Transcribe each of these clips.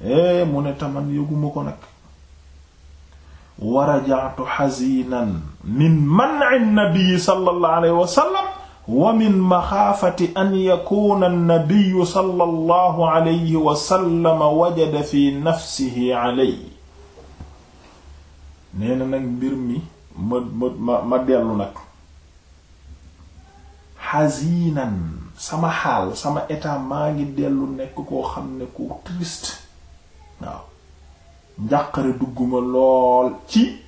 eh mu ne taman yëguma ko nag warajaatu xazinan min man'i nabi sallallahu alayhi wa sallam wa min maxaafati an yakuna an-nabi alayhi wa sallam wajada fi nafsihi alayhi nee na mbir mi ma ma dellu nag xazinan sama xaal sama état maa ngi dellu nekk koo xam ne ku triste waaw njàqare dugguma lool ci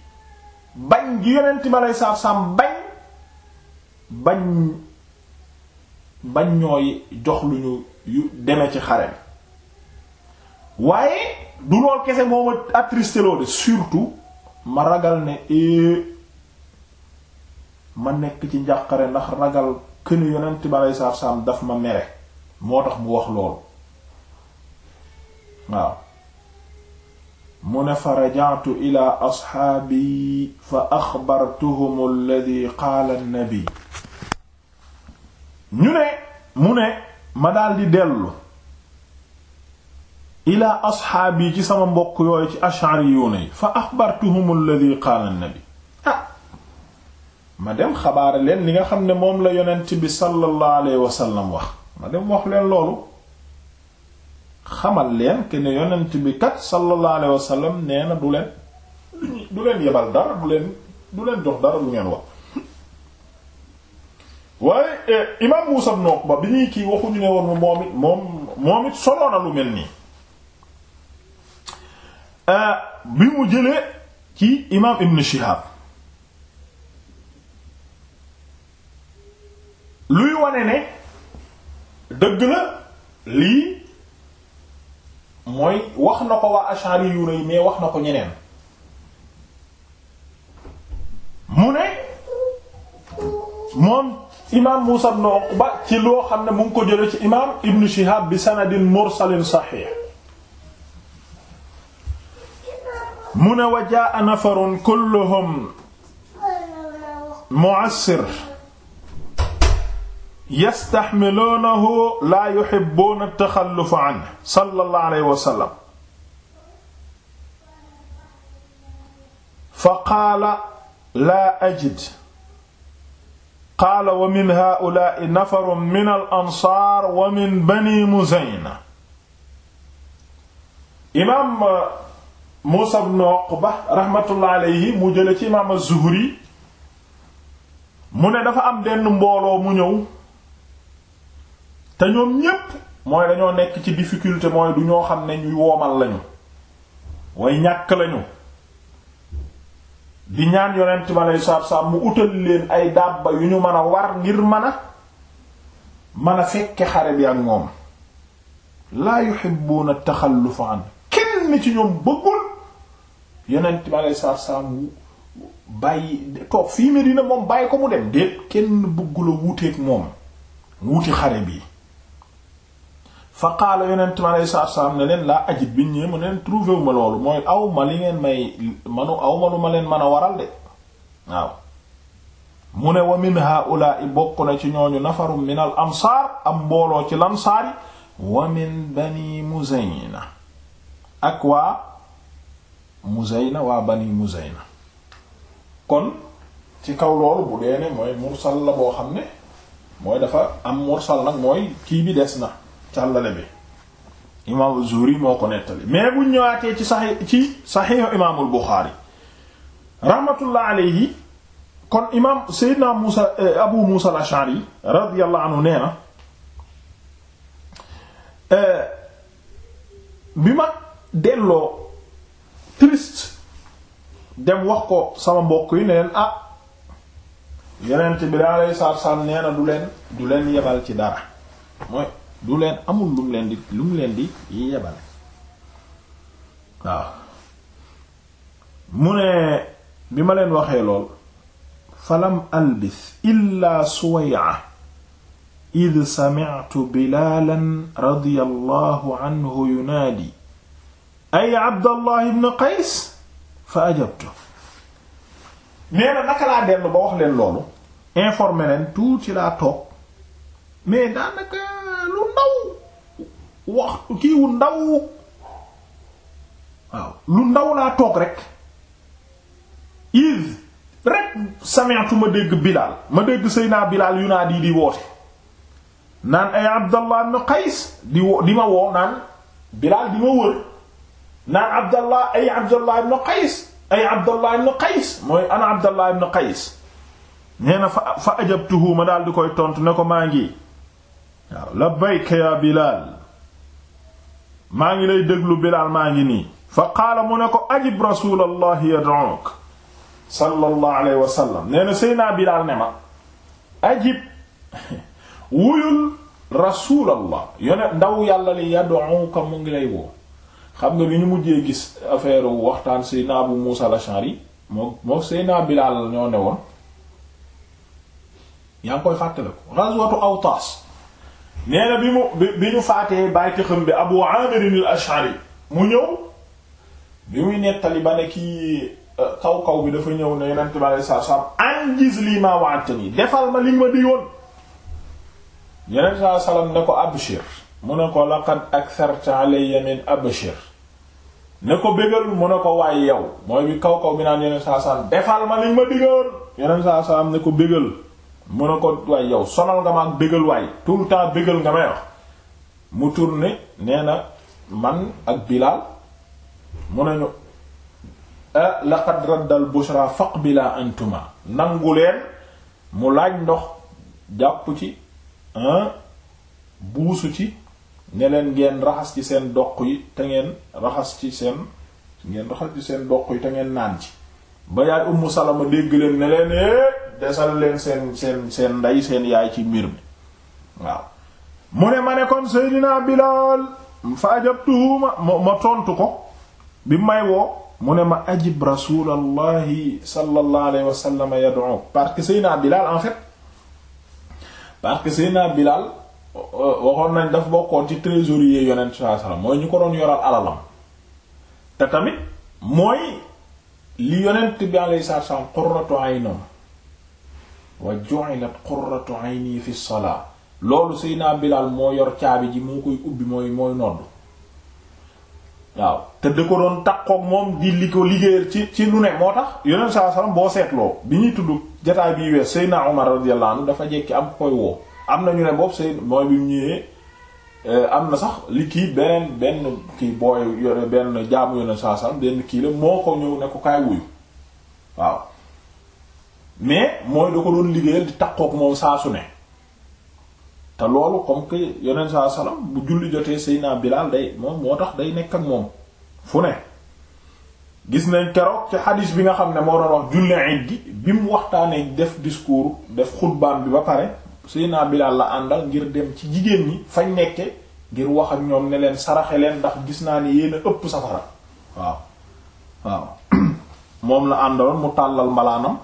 bañ gi yonent ma lay saaf saam bañ bañ bañ ñooy jox lu ñu deme ci xare bi waaye du lool kese moo ma attristé loo de surtout ma ragal ne eh, ma nekk ci njàqare ndax ragal këne yonent ma lay saaf saam daf ma mere moo tax mu wax loolu waaw mu ne fa rajactu ila asxaabi fa axbartuhum alladi qaala annabi ñu ne mu ne ma daldi dellu ila asxaabi ci sama mbokk yooyu ci ashariyuuna yi fa axbartuhum alladi qaala annabi ah ma dem xabaare leen li nga xam ne moom la yonent bi sallallahu alayhi wasallam wax ma dem wax leen loolu xamal leen que ne yonent bi kat sallallahu alayhi wasallam nee na du leen du leen yebal dara du leen du leen jox dara lu ngeen wax waaye eh, imaam Muusaa ibn Uqba bi ñuy kii waxuñu ne woon moom it moom moom it solo lu mel nii eh, bi mu jëlee ci imaam Ibn Shihaab luy wane ne dëgg la lii mooy wax na ko waa ashari yu rëy mais wax na ko ñeneen mu ne moom imaam Muusa ibn Uqba ci loo xam ne mu ngi ko jële ci imaam Ibn Shihab bi sanadin mursalin saxiix mu ne wa jaa nafarun kulluhum mu'assir yastaxmiluunahu laa yuxibbuuna taxallufa anhu sallallahu alayhi wa sallam fa qaala laa ajid qaala wa min haa'ulaa'i nafarun min al-ansaar wa min bani Muzayna imaam Muusaa ibn Uqba raxmatullahi alayhi mu jële ci imaam az-Zuhri mu ne dafa am benn mbooloo mu ñëw te ñoom ñépp mooy dañoo nekk ci difficulté mooy du ñoo xam ne ñuy woomal lañu way ñàkk lañu di ñaan yonent ma lay saab-saab mu utal leen ay dàbba yu ñu mën a war ngir man a mën a fekke xare bi ak moom laa yuhibbuna taxallufa an kenn ci ñoom bëggul yonent ma lay saab-saab mu bàyyi toog fii Medina moom bàyyi ko mu dem déet kenn bëggula wuteek moom wuti xare bi fa qaala yonent mi alayhi salaatu salaam ne leen laa ajid biñ ñëwee mu ne leen wu ma loolu mooy aw ma li ngeen may manu aw ma lu ma leen mën a waral de waaw mu ne wa min haa'ulaa'i bokk na ci ñooñu nafarum min al ansaar am mbooloo ci lansaari wa min bani muzayna ak waa muzayna waa bani muzayna kon ci kaw loolu bu dee ne mooy mursal la boo xam ne mooy dafa am mursal nag mooy kii bi des na càllale bi imaamu Zuhri moo ko nettali mais bu ñëwaatee ci saxi ci saxiixu imaamul Buxaari rahmatullah alayhi kon imaam Seydina Muusa eh, Abu Muusa al-Ash'ari radiyallahu anhu nee eh, bi ma delloo triste dem wax ko sama mbokk yi ne leen ah yonent bi daa lay saar saam nee du leen du leen yebal ci dara du leen amul lu mu leen di lu mu mu ne bi ma leen waxee lool falam albis illa suway'a id sami'tu bilaalan radiyallahu anhu yunaadi ay abdallah ibn qays fa ajabtu nee na naka laa dellu ba wax leen loolu informer leen tuuti laa toog mais daanaka lu ndaw waxtu kiiwu ndaw waaw lu ndaw laa toog rek iz rek sami'tu ma dégg Bilaal ma dégg Seydina Bilaal yu naa di di woote naan ay Abdallah ibn Qays di wo di ma woo naan Bilaal di ma wër naan Abdallah ay Abdallah ibn Qays ay Abdallah ibn Qays mooy ana Abdallah ibn Qays nee na fa fa ajabtuhu ma daal di koy tontu ne ko maa ngi waaw labbayka ya Bilaal maa ngi lay déglu Bilaal maa ngi nii fa qaala mu ne ko ajib rasuulallahi yad'uuk sallallahu alayhi wa sallam nee na sëy naa Bilaal ne ma ajib wuyul rasuulallah yone ndaw yàlla li yad'uuka mu ngi lay woo xam nga li ñu mujjee gis affaire waxtaan seyna Abu Muusa al moo moo seyna Bilaal ñoo ne woon yaa ngi koy fàttale ko ghazwatu Awtaas nee na bi mu bi ñu faatee bàyyi xam bi Abu Amir ashari mu ñëw bi muy nettali ba ne kii euh, kaw kaw bi dafa ñëw ne Yonent bi alayhi salaatu salaam anjiz lii maa defal ma li ma di yoon Yonent bi alayhi ne ko abshir mu ne ko laqad aktharta alayya waaye yow mooy bi kaw kaw bi naan Yonent bi defal ma li ma di yoon Yonent ne ko bégal. mu ne ko waay yow sonal nga ma ak bégal waay tout le temps bégal nga may wax mu turne nee na man ak Bilaal mu nañu laqad raddal bushra faqbila antuma nangu leen mu laaj ndox jàpp ci buusu ci ne leen ngeen raxas ci seen doq yi te ngeen raxas ci seen ngeen raxas ci seen doq yi te ngeen naan ci ba yaay Ummu Salama dégg leen ne leen eh, desal leen seen seen seen ndey seen yaay ci mbir mi waaw mu ne ma ne kon Seydina Bilaal fa ajabtuhu ma ma tontu ko bi may woo mu ne ma ajib rasulallahi sallallahu alayhi wa sallam parce que Seydina Bilaal en fait parce que Seydina Bilaal euh, waxoon nañ dafa bokkoon ci trésorier yonent sallallahu alayhi mooy ñu ko doon yoral alalam te tamit mooy li yonent bi alayhi salaam qurratu aynum wa ju'ilat qurratu ayni fi salaa loolu Seydina Bilaal moo yor caabi ji moo koy ubbi mooy mooy nodd waaw te da ko doon takkook moom di li ko liggéeyal ci ci lu ne moo tax yonent saa salaam boo seetloo bi ñuy tudd jataay bi wees Seydina Umar radiyallahu anhu dafa jekki am koy woo am na ñu ne boobu Seydina mooy bi mu eh, am na sax li kii beneen benn kii booy benn jaamu yonent saa salaam benn kii la moo ko ñëw ne ko kaay wuyu waaw mais mooy da ko doon liggéeyal di takkook moom saa su ne te loolu comme que yonent saa salaam bu julli jotee Seydina Bilaal day moom moo tax day nekk ak moom fu ne gis nañ keroog ci xadis bi nga xam ne moo doon wax julli iid gi bi mu waxtaanee def discours def xutbaam bi ba pare Seydina Bilaal la àndal ngir dem ci jigéen ñi fañ nekke ngir wax ak ñoom ne leen saraxe leen ndax gis naa ne yéen a ëpp safara waaw waaw moom la àndaloon mu tàllal mbalaanam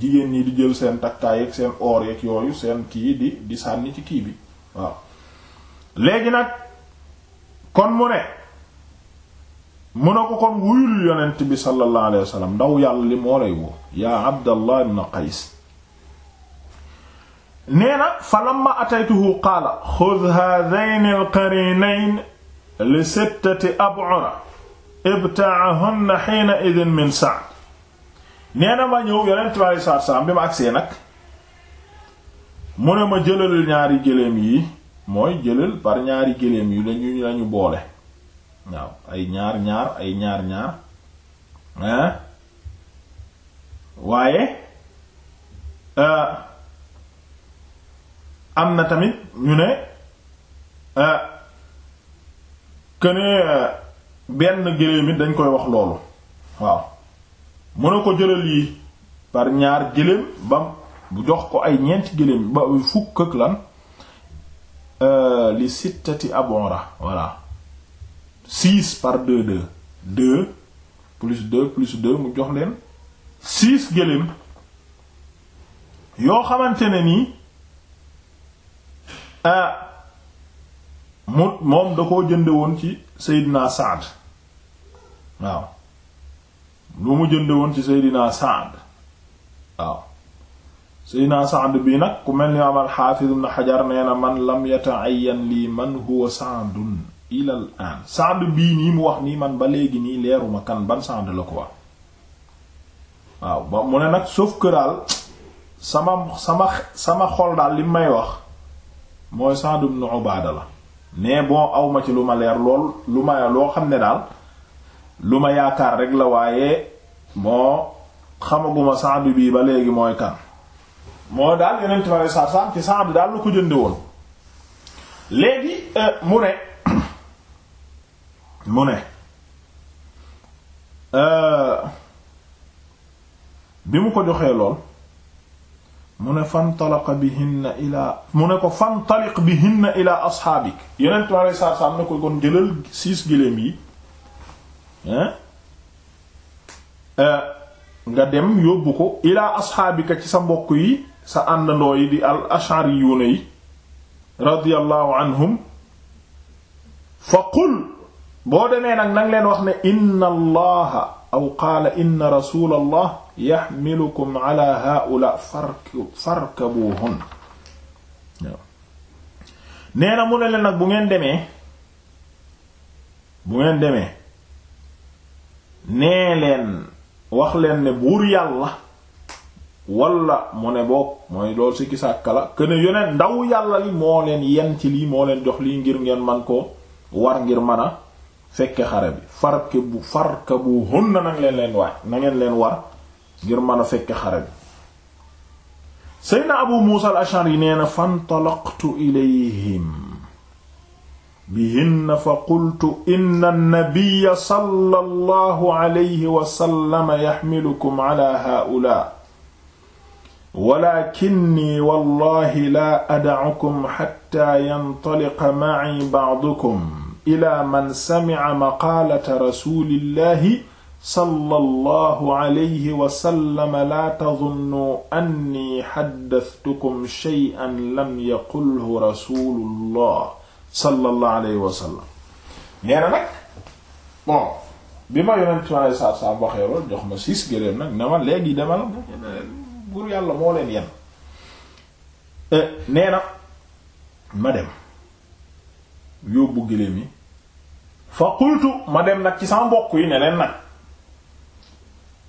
jigéen ñi di jël seen takkaay ak seen or yeeg yooyu seen kii di di sànni ci kii bi waaw léegi nag kon mu ne mu ne ko kon wuyul yonent bi sallallahu alayhi wasallam ndaw yàlla li moo lay woo yaa abdallah ibn qais nee na fa lamma ataytuhu qaala xud hadayn alqarinayn li sittati ab'ura ibta'ahunna hina idin min sa'd nee na ma ñëw yonent bi aleyhi salaatu bi ma agsee nag mu ne ma jëlal ñaari gëléem yi mooy jëlal par ñaari gëléem yi lañu lañu boole waaw ay ñaar ñaar ay ñaar ñaar waaye euh, am na tamit ñu ne euh, que ne euh, benn gëléem it dañ koy wax loolu waaw mu ne ko jëlal yi par ñaar gëléem ba bu jox ko ay ñeenti gëléem ba fukk ak lan euh, li sittati abonra voilà six par deux deux deux plus deux plus deux mu jox leen six gëléem yoo xamante ne nii euh, mu moom da koo jënde woon ci Seydina Saad waaw lu mu jënde woon ci Seydina Saad waaw Seydina Saad bii nag ku mel ni imaam al-Hafiz ibn Hajar nee na man lam yata'ayyan lii man huwa Saadun ila al-aan bii nii mu wax nii man ba léegi nii leeruma kan ban Saad la ko wax waaw ba mu ne nag sauf que sama sama sama xol daal li may wax mooy Saad ibn Ubaada la mais bon awma ci lu ma leer lool lu ma loo xam ne daal lu ma yaakaar rek la waaye moo xamaguma Saad bii ba léegi mooy kan moo daal yeneen ma ne saar ci daal lu ko jënde woon léegi euh, mu ne mu ne euh, bi mu ko joxee lool mu ne bi bihinna ilaa mu ne ko fantaliq bihinna ilaa asxaabik yeneen ma ne saar ne ko kon jëlal siis giléem yi Euh, nga dem yóbbu ko ilaa ci sa mbokk yi sa àndandoo yi di al ashariyuuna yi radiyallahu anhum fa qul boo demee nag nang leen wax ne inna allaha aw qaala inna rasula allah ala haula farkabuhun nee mu ne leen nag bu ngeen demee bu ngeen demee nee leen wax leen ne buur yàlla wala mu ne boog mooy lool si kisàkka la que ne yoneen ndaw yàlla li moo leen yen ci lii moo leen jox lii ngir ngeen man ko war ngir mën a fekke xare bi farke bu farka bu hun na leen leen waaj na ngeen leen war ngir mën a fekke xare bi seydna abu muusa al ashari nee na fantalaqtu ilayhim bihinna fa qultu inna nabiyya sallallahu alayhi wa sallam yaxmilukum ala haa'ulaa'i walaakinni wallaahi laa ada'ukum xattaa yantaliqa ma'i ba'dukum ilaa man sami'a maqaalata rasuulillaahi sallallahu alayhi wa sallam laa tadunnuu annii xaddastukum shay'an lam yaqulhu rasuulullaah sallallahu alayhi wa sallam nag bon bi ma yonent mi alei satu salaam waxee jox ma six gëléem nag ne ma léegi demal buur yàlla moo leen yen eh, nee na ma dem yóbbu gëléem yi fa qultu ma dem nag ci sama mbokk yi ne leen nag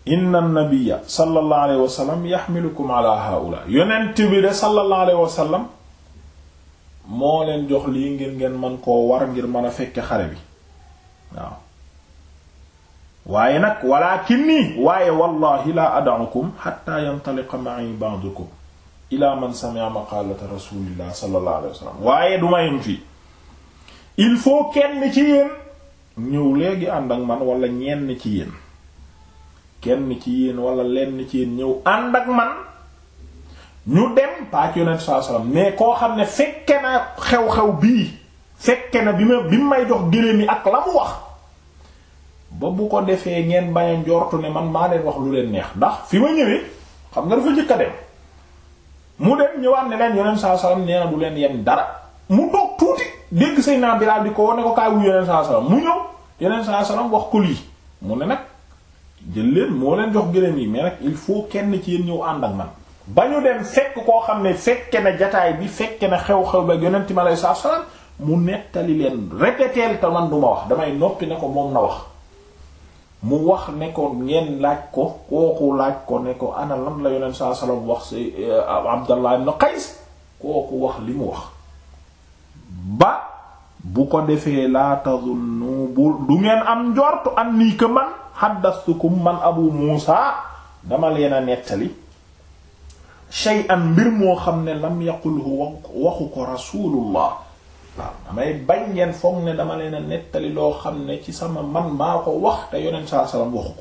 inna nabiyya sallallahu alayhi wa yaxmilukum ala haula yonent bi de sallallahu alayhi wa moo leen jox lii ngir ngeen man koo war ngir mën a fekke xale bi waaw waaye nag walaakinni waaye wallahi laa ad'ukum hatta yantaliqa ma'i ba'dukum ila man sami'a maqalata rasulillah sallallahu alayhi waaye du mayem fii il faut kenn ci yéen ñëw léegi ànd ak man wala ñenn ci yéen kenn ci yéen wala lenn ci yéen ñëw ànd ak man ñu dem pas ci yonent sallallahu mais koo xam ne fekke na xew-xew bii fekke na bi ma bi mu may jox gëléem yi ak la mu wax ba bu ko defee ngeen bañ a njortu ne man maa leen wax lu leen neex ndax fi ma ñëwee xam nga dafa njëkk a dem mu dem ñëwaat ne leen yonent sallallahu alayhi nee na du leen yem dara mu toog tuuti dégg say naa Bilaal di ko wone ko kaay wu yonent sallallahu alayhi mu ñëw yonent sallallahu alayhi wax ko lii mu ne nag jël leen moo leen jox gëléem yi mais il faut kenn ci yéen ñëw ànd ak man ba ñu dem fekk koo xam ne fekke na jataay bi fekke na xew-xew ba yonent mi alayhi salaatu salaam mu nettali leen répéteel te man duma wax damay noppi ne ko moom na wax mu wax ne ko ngeen laaj ko kooku laaj ko ne ko ana lan la yonent salaatu salaam wax si euh, Abdallah ibn Qays kooku wax li mu wax ba bu ko defee laa tazunnu bu du ngeen am njortu an nii que man haddastukum man Abu Muusa dama leen a nettali shay'an mbir moo xam ne lam yaqulhu waxu ko rasulullah waaw damay bañ ngeen foog ne dama leen a nettali loo xam ne ci sama man maa ko wax te yonent saa salaam waxu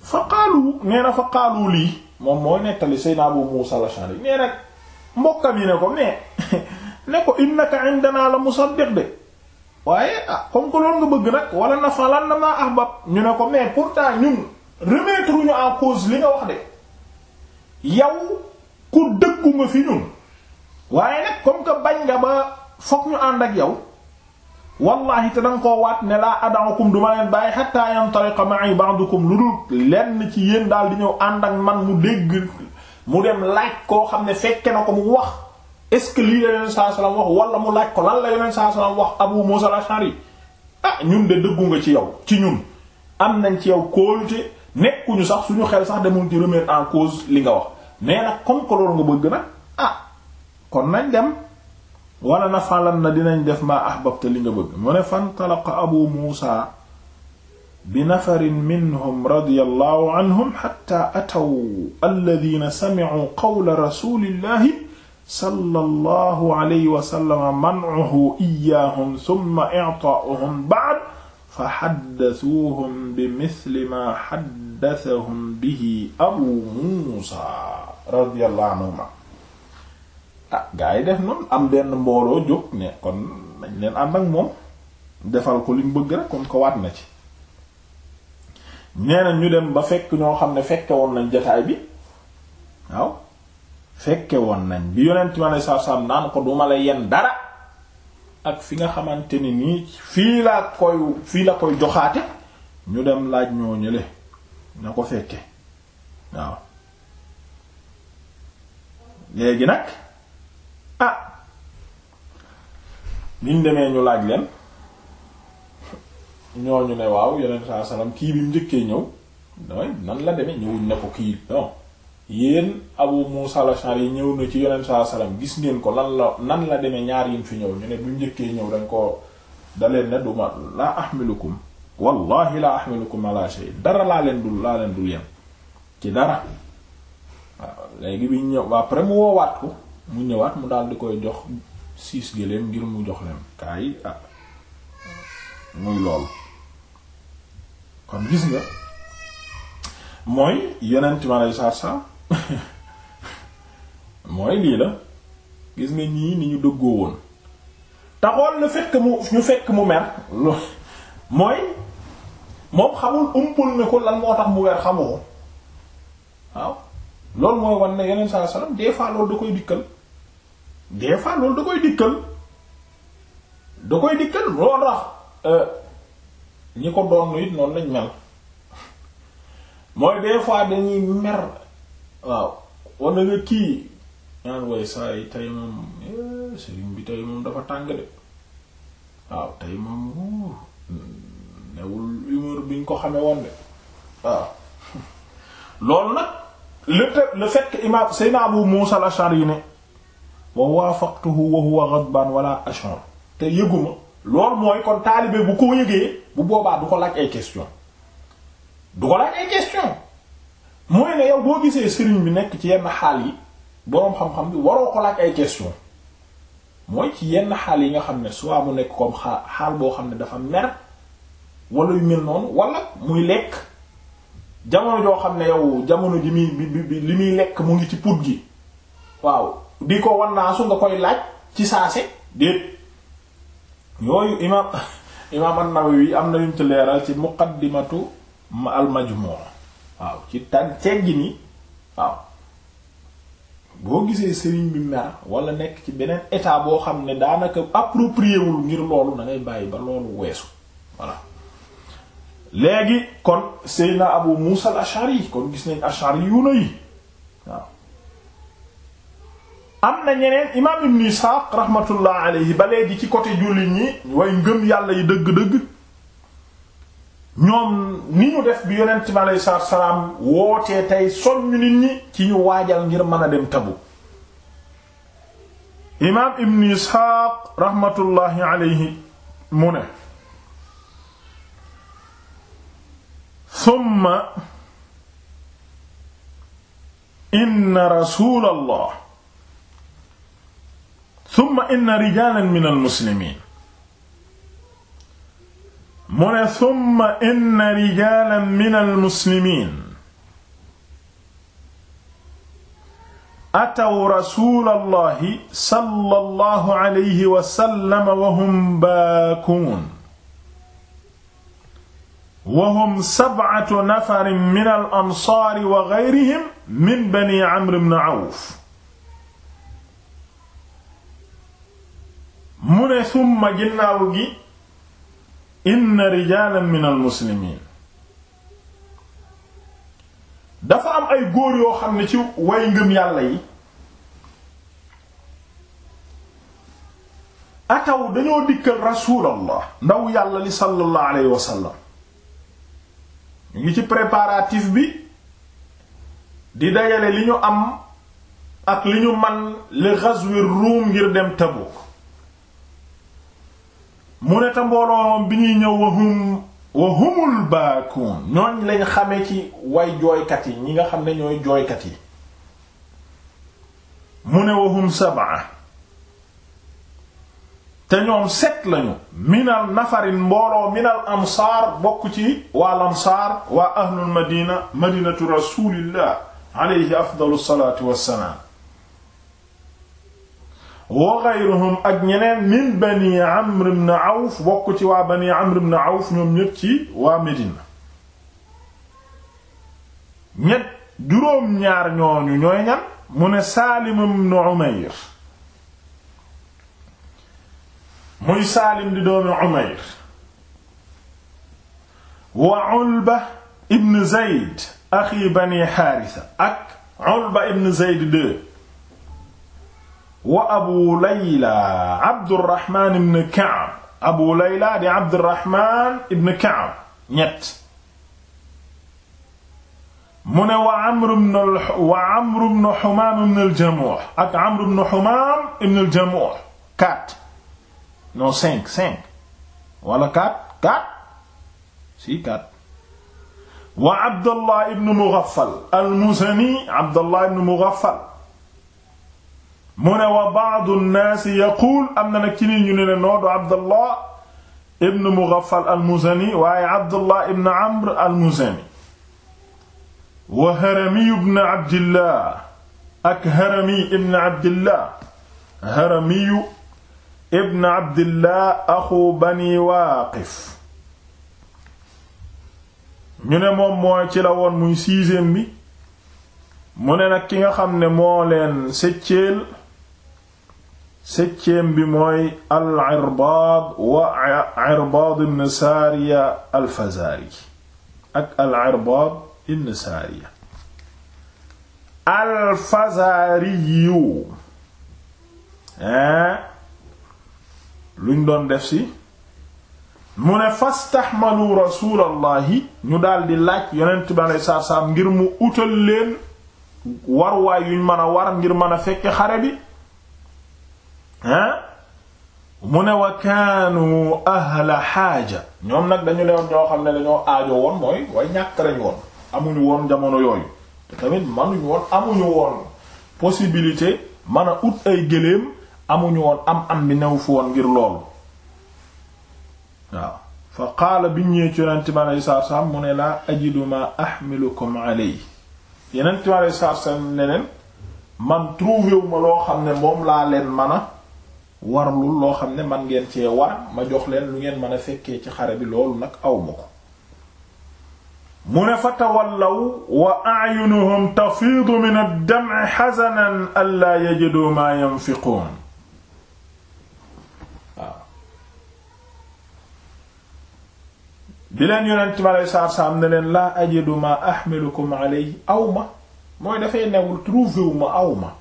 fa qaalu nee na fa qaalu lii moom mooy nettali sayna Abu Muusa al-Ash'ari nee nag mbokkam yi ne ko ne ne ko innaka indana la musaddiq de waaye ah comme que loolu nga bëgg nag wala nafalan na maa ahbab ñu ne ko mais pourtant ñun remettre ñu en cause li nga wax de yow ku dëggu nga fi ñun waaye nag comme que bañ nga ba fokk ñu ànd ak yow wallahi te danga koo waat ne laa ad'ukum duma leen bàyyi hatta yantariqa ma'i ba'dukum lu dul lenn ci yéen daal di ñëw ànd ak man mu dégg mu dem laaj koo xam ne fekke na ko mu wax est-ce que lii la yoneen saa salaam wax wala mu laaj ko lan la yoneen saa salaam wax Abu Musa al-Ash'ari ah ñun de dëggu nga ci yow ci ñun am nañ ci yow kóolute nekkuñu sax suñu xel sax demul ci remettre en cause li nga wax mais nag comme que loolu nga ah, kon nañ dem wala na fàlan na dinañ def maa ahbabta li nga bëgg mu ne fantalaqa abu muusa bi nafarin minhum radiyallahu anhum hatta ataw alladhina sami'u qawla rasulillahi sallallahu alayhi wa sallam man'uhu iyyahum thumma i'ta'uhum ba'd fa xaddasuuhum bi misli ma xaddasahum bihi abu muusa radiyallahu anhuma ah gaa yi def noonu am benn mbooloo jóg ne kon nañ leen ànd ak moom defal ko liñ bëgg rek kon ko waat na ci nee na ñu dem ba fekk ñoo xam ne fekke woon nañ jataay bi waaw fekke woon nañ bi yonent ma ne saab saab naan ko duma la yenn dara ak fi nga xamante ni nii fii laa koy fii la koy joxaate ñu dem laaj ñoo ñële ña ko fekke waaw léegi nag ah niñ demee ñu laaj leen ñooñu ne waaw yeneen saa salaam kii bi mu njëkkee ñëw nan la demee ñëwuñ na ko kii non yéen Abu mu al-Ash'ari yi ñëw na ci yonent saa gis ngeen ko lan la nan la demee ñaar yin fi ñëw ñu ne bu njëkkee ñëw dañ ko daleen ne duma laa ahmilukum wallahi laa ahmilukum ala dara laa leen dul laa leen dul yem ci dara waaw léegi bi ñëw après mu woowaat ko mu ñëwaat mu daal di koy jox siis gëléem ngir mu jox leen kaay ah muy loolu kon gis nga mooy yonent ma lay saar saar mooy lii la gis nga ñii ni ñu dëggoo woon taxoon na fekk mu ñu fekk mu mer mooy moom xamul umpul ne ko lan moo tax mu weer xamoo waaw loolu mooy wan ne yeneen saa salaam des fois loolu da koy dikkal des fois loolu da koy dikkal da koy dikkal loolu tax euh, ñi ko doon it noonu lañ mel mooy des fois dañuy mer. waaw wala nga kii ñaan way saa yi tey moom eh, sëriñ bi tey moom dafa tàng de waaw tey moom newul humeur bi ñu ko xamee woon de waaw loolu nag le le fait que imam sayna Abu Musa al-Ash'ari ne wa waafaqtuhu wa huwa ghadban wala ash'ur te yëguma loolu mooy kon taalibe bu ko yëgee bu boobaa du ko laaj ay question du ko laaj ay question mooy ne yow boo gisee sëriñ bi nekk ci yenn xaal yi boroom xam-xam bi waroo ko laaj ay question mooy ci yenn xaal yi nga xam ne soit mu nekk comme xaal boo xam ne dafa mer wala yu mel noonu wala muy lekk jamono joo xam ne yow jamono ji muy bi li muy lekk mu ngi ci put gi waaw di ko wannaasu nga koy laaj ci saase déet yooyu imaam imaam an-Nawawi am na yuñ ci leeral ci muqaddimatu al majmu' waaw ci ta teggin yi waaw boo gisee sëriñ bi mer wala nekk ci beneen état boo xam ne daanaka approprié wul ngir loolu da bàyyi ba loolu weesu voilà léegi kon Seydina Abu Musa al-Ash'ari kon gis nañ Ash'ari yu na yi waaw am na ñeneen imaam Ibn Ishaq rahmatullah alayhi ba léegi ci côté jullit ñi way ngëm yàlla yi dëgg-dëgg ñoom ni ñu def bi yonent bi aleyhi salaatu salaam wootee tey soññu nit ñi ci ñu waajal ngir mën a dem Tabuk imaam ibn isxaaq raxmatullaahi mu ne summa inna rasuulallah summa inna rijaalan minal muslimiin mu ne summa inna rijalan min almuslimiin ataw rasuulallahi sallallahu alayhi wa sallam wa hum baakuun wa hum sab'atu nafarin min al-ansaari wa ghayrihim min bani Amr ibn Awf mu ne summa ginnaaw gi inna rijalan min al muslimin dafa am ay góor yoo xam ne ci way ngëm yàlla yi ataw dañoo dikkal rasulallah ndaw yàlla li sallallahu alayhi wa sallam ngi ci préparatif bi di dajale li ñu am ak li ñu man li wi ruum ngir dem Tabuk mu ne ta mbooloo bi ñuy ñëw wa hum wa humul baakuun ñooñ lañ xame ci way jooykat yi ñi nga xam ne ñooy jooykat yi mu ne wa hum sab'a te ñoom set lañu minal nafarin mbooloo minal ansaar bokk ci waa lansaar waa ahlul madina madinatu rasulillah alayhi afdalu salaatu wassalaam wa ak ñeneen min bani amr ibn awf ci waa bani amr ibn ñoom ñépp ci waa Medina ñett juróom ñaar ñooñu ñooy ñan mu ne Saalim ibn muy Saalim di doomi Umayr wa Ulba ibn Zayd axi bani Haarisa ak Ulba ibn Zayd de wa abu layla abdurrahman ibn ka'b abu layla di abdurrahman ibn ka'b ñett mu ne wa amr ibn wa amr ibn humaam ibn al-jamuh ak amr ibn humaam ibn al-jamuh quatre non cinq cinq wala quatre quatre si quatre wa abdullah ibn mughaffal al-muzani abdullah ibn mughaffal mu ne wa baadu nnaasi yaquul am na nag ci nit ñu ne ne noodu abdullah ibn mughaffal almuzani waaye abdullah ibn amr almuzani wa harami ibn abdillah ak harami ibn abdillah harami ibn abdillah axu bani waaqif ñu ne moom mooy ci la woon muy sixième bi mu ne nag ki nga xam ne moo leen sëcceel septième bi mooy al-Irbaad wa al-Fazaari ak al-Irbaad ibn al-Fazaariyu hein luñ doon def si mu ne fastaxmalu rasuulallahi ñu daldi laaj yonent bi alayhi salaatu salaam ngir mu utal leen war waay yuñ mën a war ngir mën a fekke xare bi ah mu ne wa kaanu ahla xaaja ñoom nag dañu leewoon ñoo xam ne dañoo aajo woon mooy way ñàkk lañu woon amuñu woon jamono yooyu te tamit manuñu woon possibilité man gëléem amuñu woon am am bi new fu woon ngir loolu waaw fa qaala bi ñëwee ci yonent bi aleyhi salaatu mu ne laa ajidu ma ahmilukum alayhi yonent bi aleyhi salaatu salaam man trouvé loo xam ne moom laa leen man a warlul loo xam ne man ngeen cee war ma jox leen lu ngeen mën a fekkee ci xare bi loolu nag aw ma ko mu ne fa tawallaw wa ayunuhum tafiidu min ad-dam'i hazanan allaa yajidu maa yunfiquun waaw bi leen yonent bi alei saatu salaam ne leen laa ajidu maa axmilukum aley aw mooy dafay newul trouvéwu ma aw ma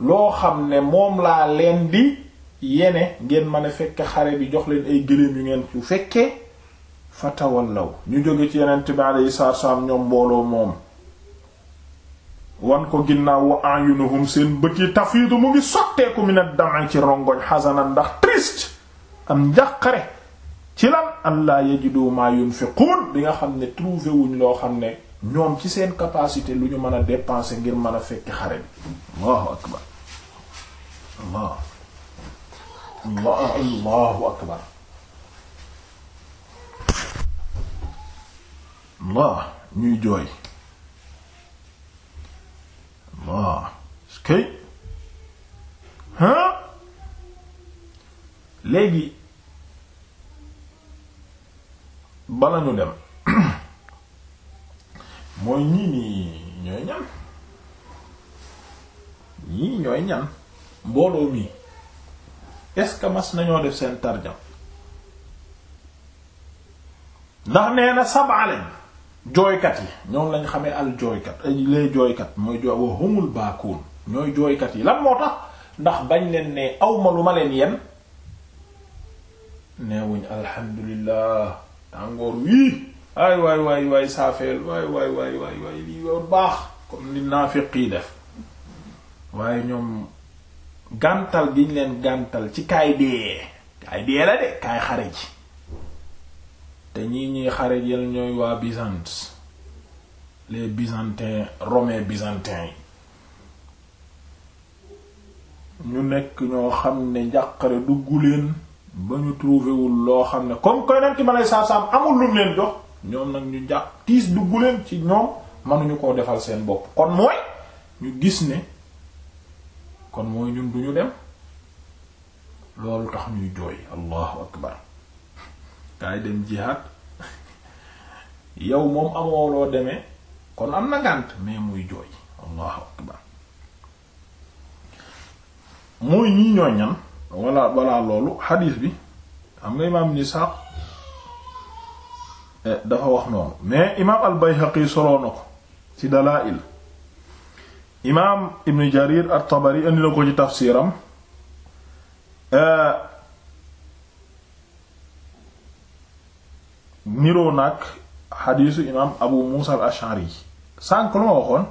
loo xam ne moom laa leen di yene ngeen mën a fekke xare bi jox leen ay gëléem yu ngeen fu fekkee fatawallaw ñu jóge ci yeneen bi alayhi salaatu salaam ñoom mbooloo moom wan ko ginnaaw wa ayunuhum seen bët yi tafiidu mu ngi sotteeku mi na damay ci rongoñ xasana ndax triste am njàqare ci lan allah yajidu fi yunfiqun di nga xam ne trouvé wuñ loo xam ne ñoom ci seen capacité lu ñu mën a dépenser ngir man a fekk xare bi allahu akbar allah allahu akbar allah ñuy jooy allah kay ha léegi bala ñu dem mooy ñii nii ñooy ñan ñii ñooy ñan mbooloo mi est-ce que mas nañoo def seen tarjam ndax nee na sabaale jooykat yi ñoom lañ xamee al jooykat les jooykat mooy jooy wa humul baakuun ñooy jooykat yi lan moo tax ndax bañ leen ne awma lu ma leen yen neewuñ alhamdulillah tàngoor wii ay waay waay waay saafeel waay waay waay waay waay lii war baax comme ni naafiq yi def waaye ñoom gàntal gi ñu leen gàntal ci kaay dee kaay dee la de kaay xare ji te ñii ñuy xare jël ñooy waa Byzance les byzantins romains byzantins yi ñu nekk ñoo xam ne njàqare duggu leen ba ñu trouvé wul loo xam ne comme koy nag ci ma lay saab-saab amul lu mu leen jox ñoom nag ñu jàpp tiis dugg leen ci ñoom mënuñu koo defal seen bopp kon mooy ñu gis ne kon mooy ñun duñu dem loolu tax ñuy jooy allahu akbar kaay dem jihaad yow moom amoo loo demee kon am na ngànt mais muy jooy allahu akbar mooy ñii ñooñan walla walla loolu xadiis bi xam nga imaam ni sax Eh, dafa wax noonu mais imaam al-Bayhaqi soloo na ko ci Dalaa'il imaam Ibn Jarir at-Tabari indi na ko ci tafsiram eh, niroo nag xadiisu imaam Abu Muusa al-Ash'ari sànq lu ma waxoon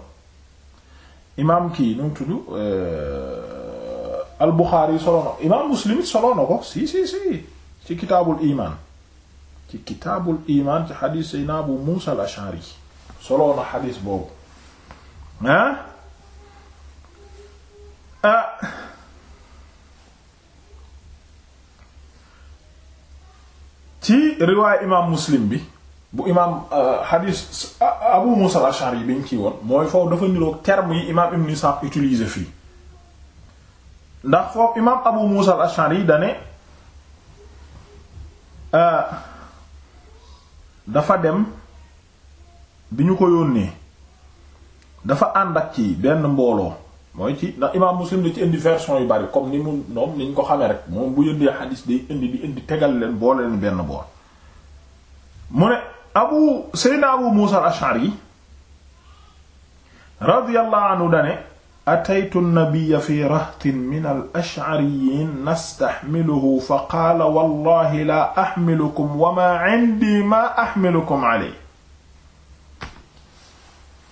imaam kii nu mu tudd eh, al-Buxaari soloo na imaam Muslim soloo na ko si si si ci kitaabul imaan ci kitaabul iman ci xadiis sayna abu muusa al ashari soloo na xadiis boobu ah ah ci riwaay imaam muslim bi bu imaam ah, xadiis ah, abu muusa al ashari bi woon mooy foofu dafa niroog terme yi imaam ibn Isaaq utilisé fii ndax foofu imaam abu muusa al ashari dane ah dafa dem bi ñu ko yónnee dafa ànd ak ci benn mbooloo mooy ci ndax imaam muslim da ci indi version yu bari comme ni mu noom ni ñu ko xamee rek moom bu yëndee xadis day indi di indi tegal leen boole leen benn bool mu ne abu seydna abu muusa al ashari radiyallahu anhu dane ataytu nabiyya fi rahtin min al ash'ariyyin nastaxmiluhu fa wallahi laa axmilukum wa maa cindi maa axmilukum aley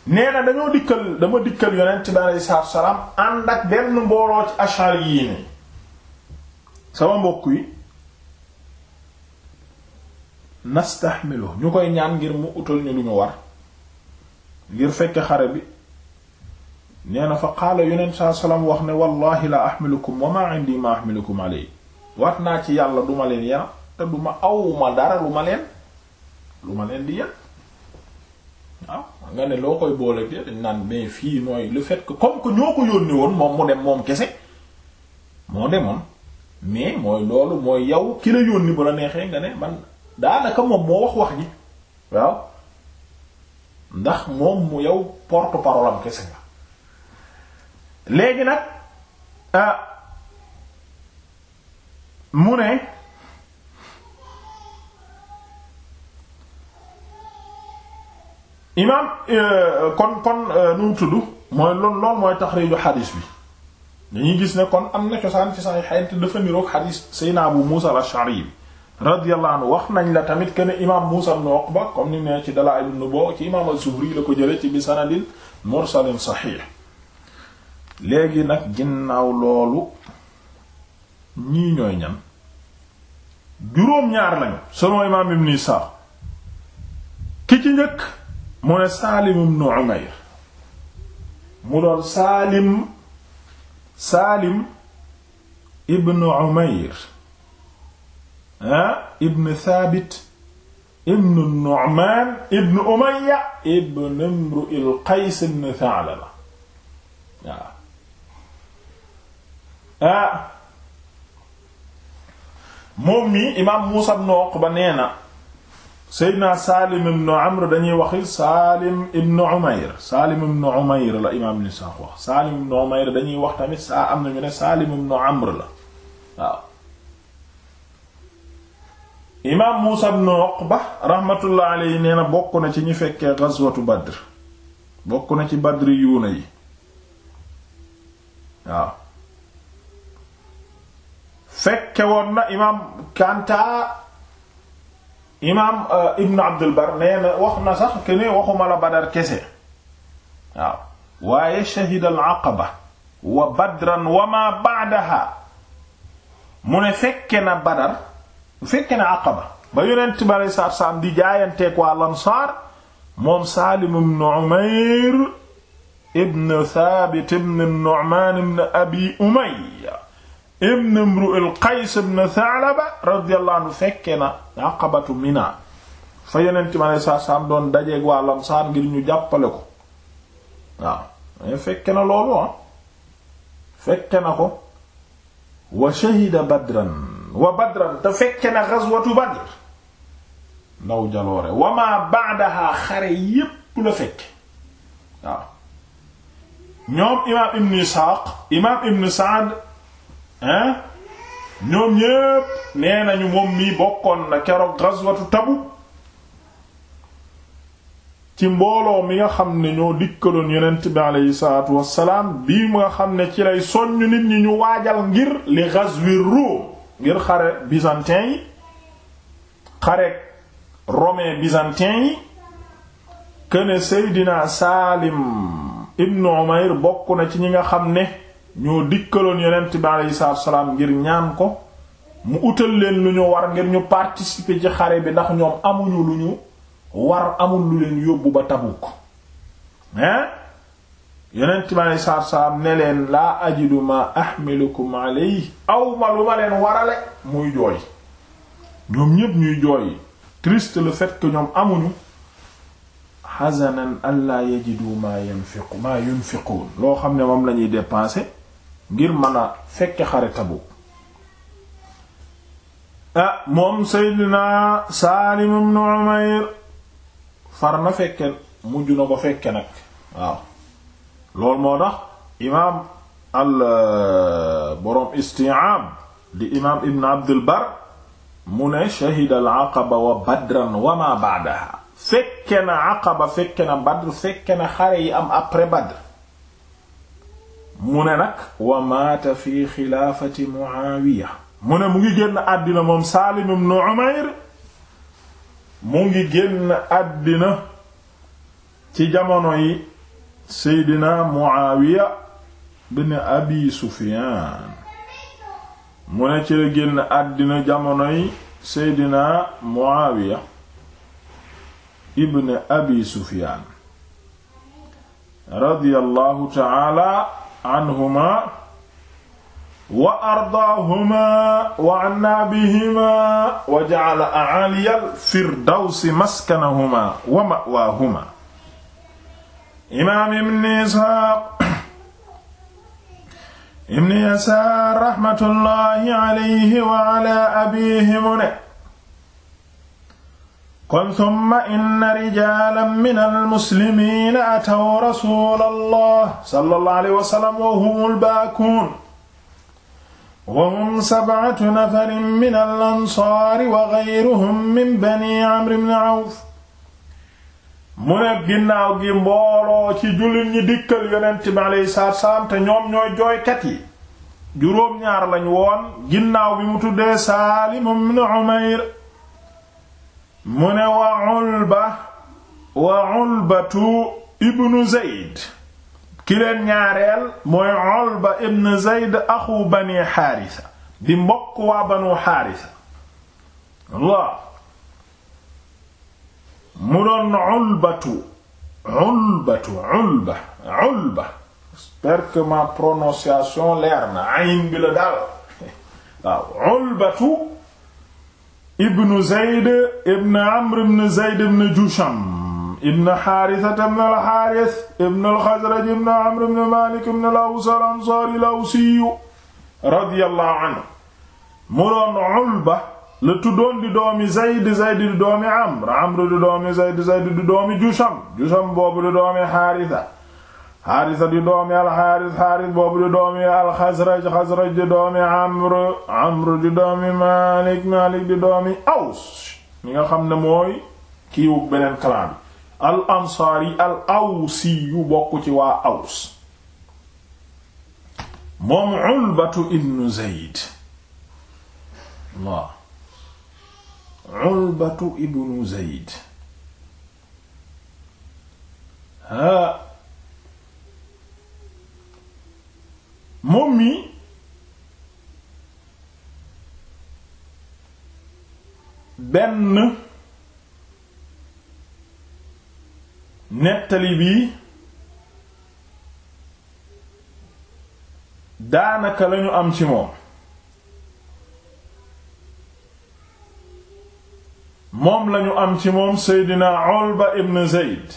nee na dañoo dikkal dama dikkal yonent salaam ànd ak benn mbooloo ci ash'ariyyin sama mbokk yi nastaxmiluhu ñu koy ñaan ngir mu utal ñu lu ñu war ngir fekk xare bi nee na fa qaala yonent saa salaam wax ne wallahi la ahmilukum wa ma indi ma ahmilukum alay waat naa ci yàlla duma leen ya te duma awma dara lu ma leen lu ma leen di ya nga ne loo koy boole bi dañ naan mais fii mooy lu fekk que comme que ñoo ko yónni woon moom mu dem moom kese moo demoon mais mooy loolu mooy yow ki la yónni bu la neexee nga ne man daanaka moom moo wax wax ji waaw ndax moom mu yow porte-parole am kese nga léegi nag ah, mu ne imaam euh, kon kon euh, nu mu tudd mooy loolu loolu mooy taxriiju xadiis bi dañuy gis ne kon am na cosaan fi Saxiixayn te dafa niroog xadiis Seydina Abu Muusa al-Ash'ari radiyallahu anhu wax nañ la tamit que ne imaam Muusa ibn Uqba comme ni ne ci Dalaa'il an-Nubuwwa ci imaam az la ko jëlee ci bi sanadin mursalin saxiix léegi nag ginnaaw loolu ñii ñooy ñan juróom-ñaar lañu selon imaam ibn Isaaq ki ci njëkk mu ne Saalim ibn Umayr mu doon Saalim Saalim ibn Umayr ah, ibn Thabit ibn Nu'man ibn Umayya ibn Imru al-Qays ibn Tha'laba waaw Ah. moom mi imaam Muusa ibn Uqba nee na Seydina Saalim ibn Amr dañuy wax Saalim ibn Umayr Saalim ibn Umayr la imaam ni sax wax Saalim ibn Umayr dañuy wax tamit saa am nañu ne Saalim ibn Amr la waaw imaam Muusa ibn Uqba rahmatullah alayhi nee na bokk na ci ñu fekkee gazwatu Badr bokk na ci Badr yuuna yi waaw fekke woon na imaam Kanta imaam uh, Ibn Abdul Bar nee na wax na sax que ne waxuma la Badar kese waaw waaye shahida al aqaba wa badran wa ma ba'daha mu ne fekke na Badar fekke na aqaba ba yonent bi aleyhi salaatu salaam di jaayanteek waa Ansaar moom Saalim ibn Umayr ibn Thaabit ibn Nu'maan ibn Abi Umayya ibn imru'il qays ibn Tha'laba radiyallahu fekke na aqabatu Mina fa yeneen ci ma ne saa saam doon dajeeg waa Lamsaar ngir ñu jàppale ko fekke na loolu ah fekke na ko wa shahida badran wa badran te fekke na ghazwatu Badr ndaw jaloore wa ma ba'daha xare yépp la fekke waaw imaam ibn Isaaq imaam ibn Sa'd hein ñoom ñépp nee nañu moom mii bokkoon na keroog gazwatu Tabuk ci mbooloo mi nga xam ne ñoo dikkaloon yonent bi aleyhi salaatu wassalaam bii mu nga xam ne ci lay soññ nit ñi ñu waajal ngir li gazwi Ruum ngir xare byzantin yi xare romain byzantin yi këne Seydina Saalim ibnu Umayr bokk na ci ñi nga xam ne ñoo dikkaloon yonent bi aleyhi salaatu wa salaam ngir ñaan ko mu utal leen lu ñu war ngir ñu participer ci xare bi ndax ñoom amuñu lu ñu war amul lu leen yóbbu ba Tabuk hein yonent bi aleyhi salaatu wa salaam ne leen laa ajidu ma ahmilukum alayhi aw ma lu ma leen warale muy jooy ñoom ñépp ñuy jooy triste le fait que ñoom amuñu hazanan alla yajidu ma yunfiqu ma yunfiqun loo xam ne moom lañuy dépenser ngir mën a fekke xare Tabuk ah moom Seydina Saalim ibn Umayr far na fekke mujj na ko fekke nag waaw loolu moo tax imaam al eh, borom isti'ab di imaam Ibn Abdul Bar mu ne shahida al aqaba wa badran wa ma ba'daha fekke na aqaba fekke na badr fekke na xare yi am après badr mu ne nag wa maata fi xilaafati Muawiya mu ne mu ngi génn àddina moom Saalim ibn Umayr mu ngi génn àddina ci jamono yi Seydina Muawiya bin Abi Sufyaan mu ne ci la génn àddina jamono yi Seydina Muawiya ibn Abi anhuma wa ardaahuma wa anna bihima wa ja'ala a'aliyal firdawsi maskanahuma wa ma'waahuma imaam ibn ishaaq ibn yasaar raxmatullaahi alayhi wa ala abiihi mu ne kon summa inna rijalan min almuslimina ataw rasul allah sallallahu alayhi wa sallam wa wa hum sab'atu nafarin min al wa ghayruhum min bani amr ibn awf mu ne ginnaaw gi mbooloo ci jullit ñi dikkal yonent bi alayhi salaatu salaam te ñoom ñooy jooykat yi juróom-ñaar woon ginnaaw bi mu tuddee Saalim ibn Umayr mu ne wa Ulba wa Ulbatu ibnu Zayd ki leen ñaareel mooy Ulba ibnu Zayd axu bani Xaarisa di mbokk waa banu Xaarisa Allah mu doon Ulbatu Ulbatu Ulba Ulba j'espère que ma prononciation leer na ayn bi la daal waaw Ulbatu ibn Zayd ibn Amr ibn Zayd ibn Jusham ibn Haarisa ibn al-Haaris ibn al-Xasraj ibn Amr ibn Maalik ibn al-Aws al-Ansaari al-Awsi radiyallahu anhu mu doon Ulba la tuddoon di doomi Zayd Zayd di doomi Amr Amr di doomi Zayd Zayd di doomi Jusham Jusham boobu di doomi Haarisa xaarisa di doomi alxaaris xaaris boobu di doomi alxasraj xasraj di doomi amr amr di doomi malik malik di doomi aws mi nga xam ne mooy kiiwu beneen clan bi al ansaari ci waa aws moom ulbatu ibnu zeyd waaw ulbatu ibnu moom mii benn nettali bii daanaka lañu am ci moom moom lañu am ci moom Seydina Ulba ibn Zayd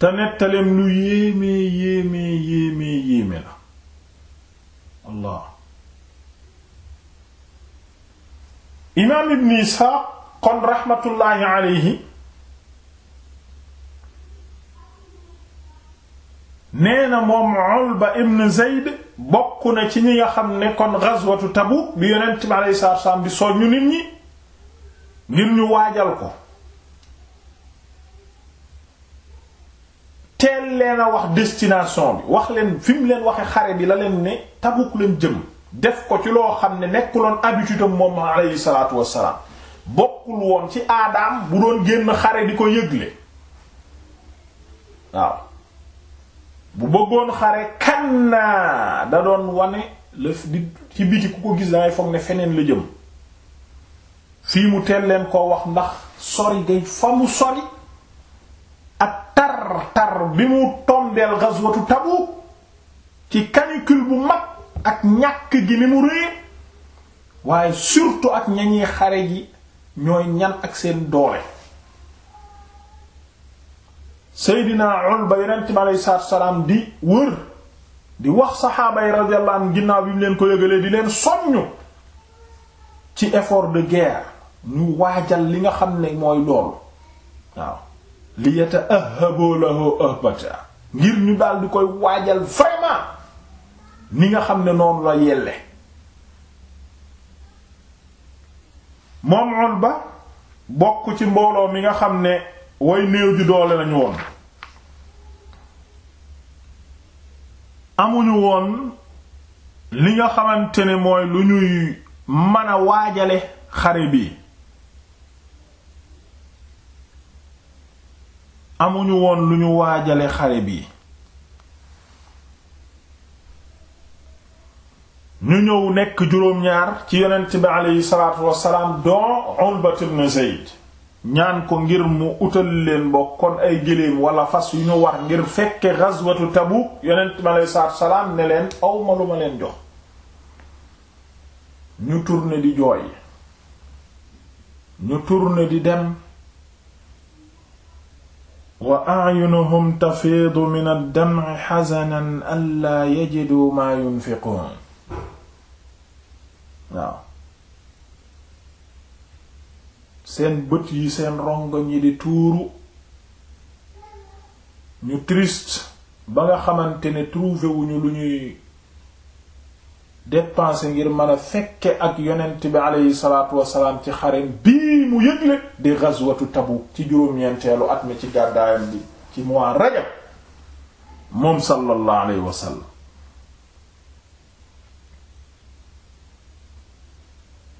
te nettalem lu yéeme yéeme yéeme la imaam ibn isxaaq kon raxmatullaahi aleyhi nee na moom Ulba ibn Zayd bokk na ci ñi nga xam ne kon gazwatu Tabuk bi yonent bi aleyhi salaatu wa salaam di nit ñi ngir ñu waajal ko teel leen a wax destination bi wax leen fi mu leen waxe xare bi la leen ne Tabuk leen jëm def ko ci loo xam ne nekkuloon habitude am moom alayhi salaatu wassalaam bokkul woon ci aadaam bu doon génn xare di ko yëgle waaw bu bëggoon xare kan da doon wane la ci biti ku ko gis dangay foog ne feneen la jëm fii mu teel leen koo wax ndax sori gay fa mu sori tar tar bi mu tombeel gazwatu Tabuk ci canicule bu mag ak ñàkk gi ni mu réer waaye surtout ak ñañuy xare ji ñooy ñan ak seen doole Seydina Ulba yonent bi aleyhi salaam di wër di wax saxaaba yi radiyallahu anhum ginnaaw bi leen ko yëgalee di leen soññu ci effort de guerre ñu waajal li nga xam ne mooy loolu waaw li yata'ahhabu lahu ahbata ngir ñu daal di koy waajal vraiment ni nga xam ne noonu la yelle moom Ulba bokk ci mbooloo mi nga xam ne way néew ji doole lañu woon amuñu woon li nga xamante ne mooy lu ñuy mën a waajale xare bi amuñu woon lu ñu waajale xare bi ñu ñëw nekk juróom-ñaar ci yonent bi aleyhi salaatu wassalaam doo Ulbat ibn Zayd ñaan ko ngir mu utal leen bokkoon ay géléem wala fas yu ñu war ngir fekke ghazwatu Tabuk yonent bi aleyhi salaatu wassalaam ne leen leen jox ñu tourné di jooy ñu tourné di dem wa ayunuhum tafiidu min ad-dam'i xasanan allaa yajidu maa yunfiquun waaw seen bët yi seen rongoñ yi di tuuru ñu triste ba nga xamante ne trouvé wuñu lu ñuy dépensé ngir mën a fekke ak yonent bi aleyhi salaatu wasalaam ci xarem bii mu yëgle di ghazwatu Tabuk ci juróom-ñeenteelu at mi ci gàddaayam bi ci mois rajab moom sallallahu alayhi wa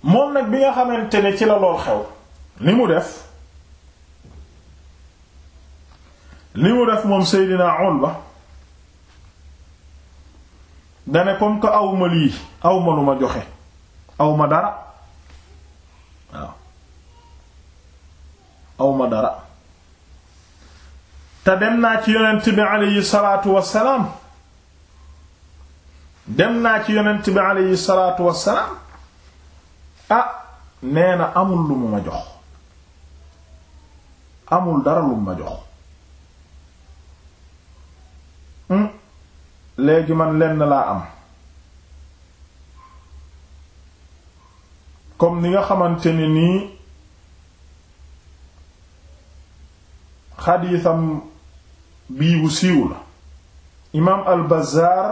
moom nag bi nga xamante ne ci la lool xew li mu def li mu def moom Seydina Ulba dane comme que awma lii awma lu ma joxe awma dara waaw awma dara te dem naa ci yonent bi aleyhi salaatu wassalaam dem naa ci yonent bi aleyhi salaatu wassalaam ah nee na amul lu mu ma jox amul dara lu mu ma jox léegi man lenn laa am comme ni nga xamante ne nii xadiisam bii bu siiw la imaam al-Bazzaar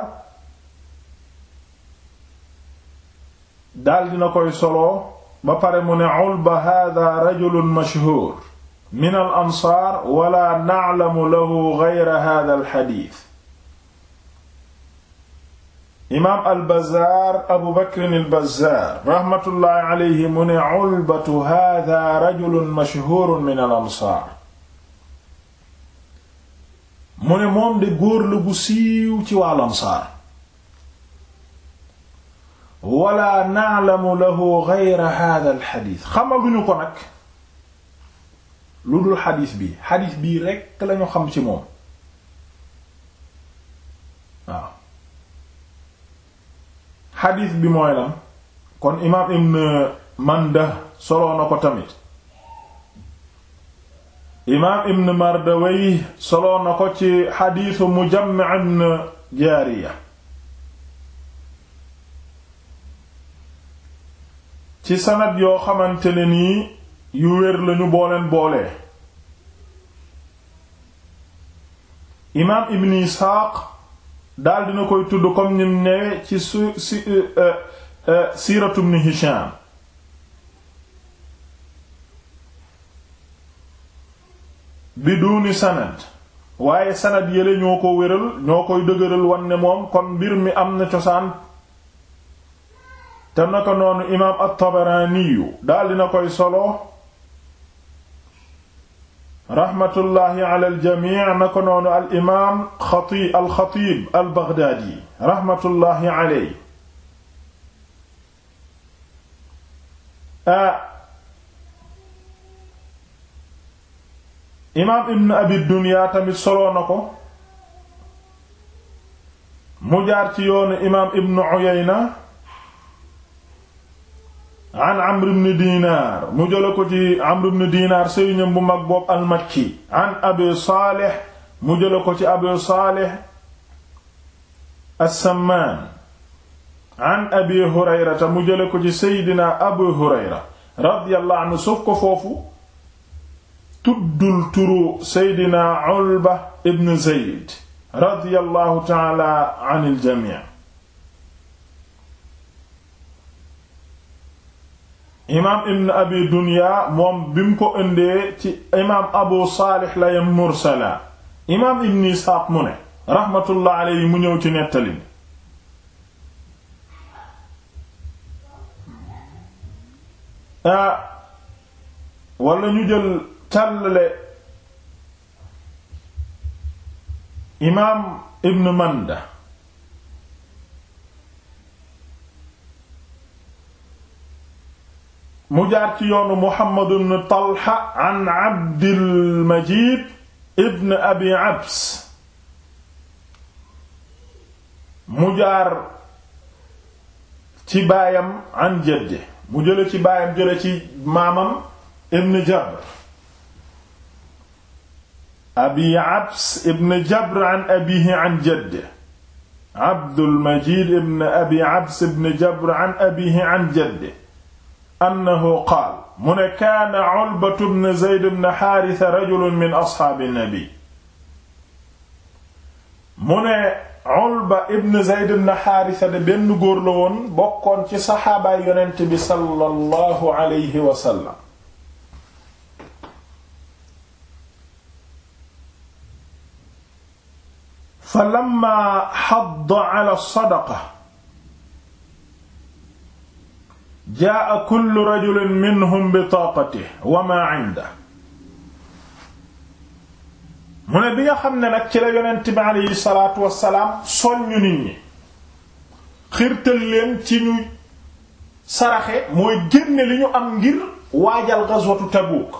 daal dina koy soloo ba pare mu ne ulba haadaa rajulun mashhuur min al-ansaar wala na'lamu lahu ghayra haadal xadiis imaam al-Bazzaar Abu Bakr al-Bazzaar rahmatullahi alayhi mu ne ulbatu haaza rajulun mashhuurun min al-ansaar mu ne moom de góor la gu siiw ci waa Ansaar wala na'lamu lahu ghayra haaza al-hadiis xamaluñu ko nag lu dul xadiis bi xadiis bii rekk lañu xam ci moom waaw xadiis bi mooy lan kon imaam ibn Manda soloo na ko tamit imaam ibn Mardawey soloo na ko ci xadiisu Mujammi' Jaariya ci sanad yoo xamante ne nii yu wér lañu booleen boolee imaam ibn Isxaaq daal dina koy tudd comme nim newe ci su si euh, euh, euh, siiratu ibn Hisham biduuni waaye sanad yële ñoo ko wéral ñoo koy dëgëral wan ne moom kon mbir mi am na cosaan te naka noonu imaam at-Tabarani daal dina koy solo raxmatullahi ala aljamic na ko noonu al imaam xati alxatib albaghdaadi raxmatullahi aley a ah. imaam ibn abi dunya tamit soloo na mu jaar ci yoonu imaam ibn uyayna an amr ibn dinar mu jëla ko ci amr ibn dinar sëriñam bu mag boobu almakki an abi saalih mu jëla ko ci abi saalih assamaan an abi hurayrata mu jële ko ci seydina abu hurayra radiyallahu anhu suuf ko foofu tuddul turu seydina ulba ibn zeyd radiyallahu taala an il jamii imaam ibn abi dunya moom bi mu ko indee ci imaam abu saalix la yem mursala imaam ibn isxaaq mu ne raxmatullah mu ñëw ci nettali mi ah, wala ñu jël càllale imaam ibn manda mu jaar ci yoonu Muhammad ibn Talha an Abdil Majid ibn Abi Abs mu jaar ci baayam an jaddi mu jële ci baayam jële ci maamam ibn Jabr Abi Abs ibn Jabr an abiihi an jaddi Abdul Majid ibn Abi Abs ibn Jabr an abiihi an jaddi annahu qaal mu ne kaana Ulbatu bnu Zayd bnu Haarisa rajulun min asxaabi nabi mu ne Ulba ibn Zayd bnu Haarisa de benn góor la woon bokkoon ci saxaabaay yonent bi sallallahu alayhi wa sallam falamma hadda ala sadaqa jaa kullu rajulin minhum bi taaqatihi wa mu ne bi nga xam ne nag ci la yonent bi aleyhi salaatu wassalaam soññu nit ñi xirtal leen ci ñu saraxe mooy génne li ñu am ngir waajal gazwatu Tabuuk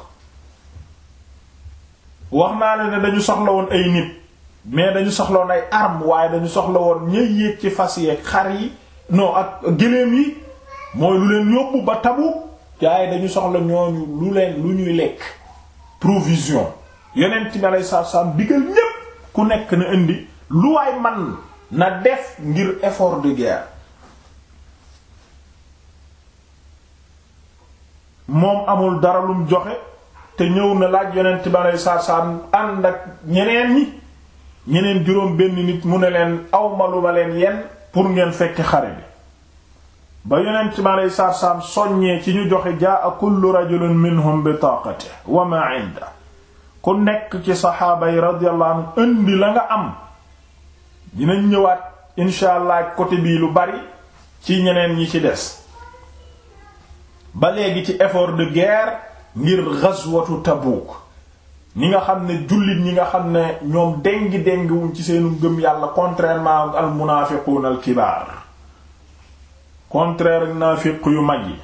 wax naa la ne dañu soxla woon ay nit mais dañu soxla woon ay armes waaye dañu soxla woon ñëy yéeg ci fas yeeg xar yi non ak gëléem yi mooy lu leen yóbbu ba tabu gaa yi dañu soxla ñooñu lu leen lu ñuy lekk provision yeneen ci malay saab saab digal ñépp ku nekk na indi lu waay man na def ngir effort de guerre moom amul dara lum joxe te ñëw na laaj yonent ba lay saar saar ànd ak ñeneen ñi ñeneen juróom benn nit mu ne leen awma lu ma leen yenn pour ngeen fekk xare bi ba yeneen ci aleyhi salaatu salaam soññee ci ñu joxe jaa kullu rajulin minhum bi taaqati wa ma inda ku nekk ci saxaaba yi radiyallahu anhu la nga am dinañ ñëwaat incha allah côté bii lu bari ci ñeneen ñi ci des ba léegi ci effort de guerre ngir ghazwatu Tabuk ñi nga xam ne jullit ñi nga xam ne ñoom dengi dengiwuñ ci seenu gëm yàlla contrairement al munaafiquun al kibaar contraire ak yu mag yi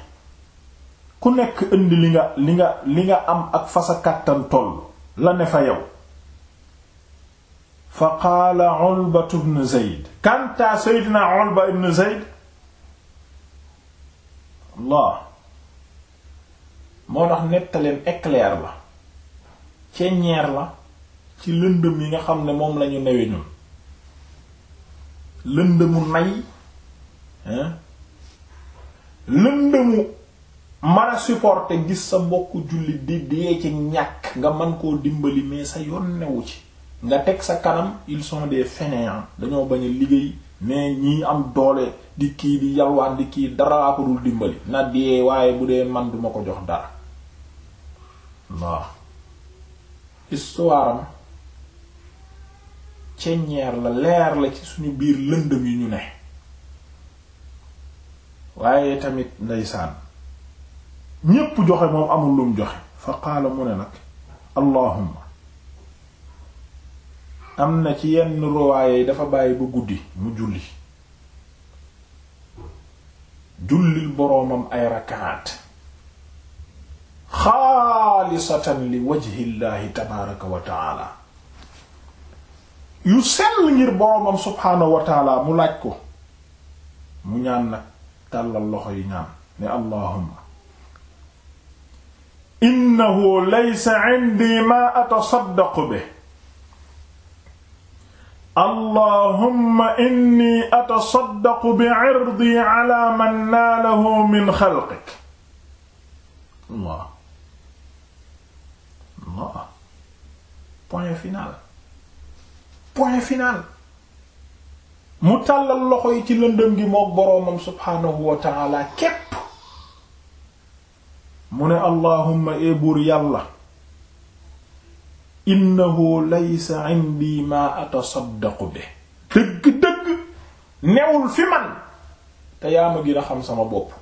ku nekk indi li nga li nga li nga am ak fa sa kàttan toll la ne fa yow fa qaala Ulbatu ibn Zayd kantaa Seydina Ulba ibn Zayd Allah moo tax nettaleem éclair la ceñeer la ci lëndëm yi nga xam ne moom lañu newe ñun lëndëmu nay lëndëmu man a supporter gis sa mbokk jullit di dee ci ñàkk nga man koo dimbali mais sa yoon newu ci nga teg sa kanam ils sont des fainéants dañoo bañ liggéey mais ñi am doole di kii di yalwaan di kii dara ko dul dimbali na dee waaye bu dee man duma ko jox dara waaw histoire am ceñeer la leer la ci suñu biir lëndëm yi ñu ne waaye tamit ndeysaan ñépp joxe moom amul lum joxe fa qaala mu ne nag allahumma am na ci yenn ruwaaye yi dafa bàyyi ba guddi mu julli jullil boroomam ay rakaat xaalisatan li wajhillaahi tabaaraka wa taala yu sell ngir boroomam subhaanahu wa taala mu laaj ko mu ñaan nag tàllal loxo yi ñaan ne allahumma innahu laysa indi ma atasaddaqu bi allahumma inni atasaddaqu bi irdi ala man naalahu min xalqik allah allah point final point final mu tàllal loxo yi ci lëndëm gi mook boroomam subhaanahu wa taala képp mu ne allahumma ebuur yàlla innahu laysa indi ma atasaddaqu be dëgg-dëgg newul fi man te yaa ma gën a xam sama bopp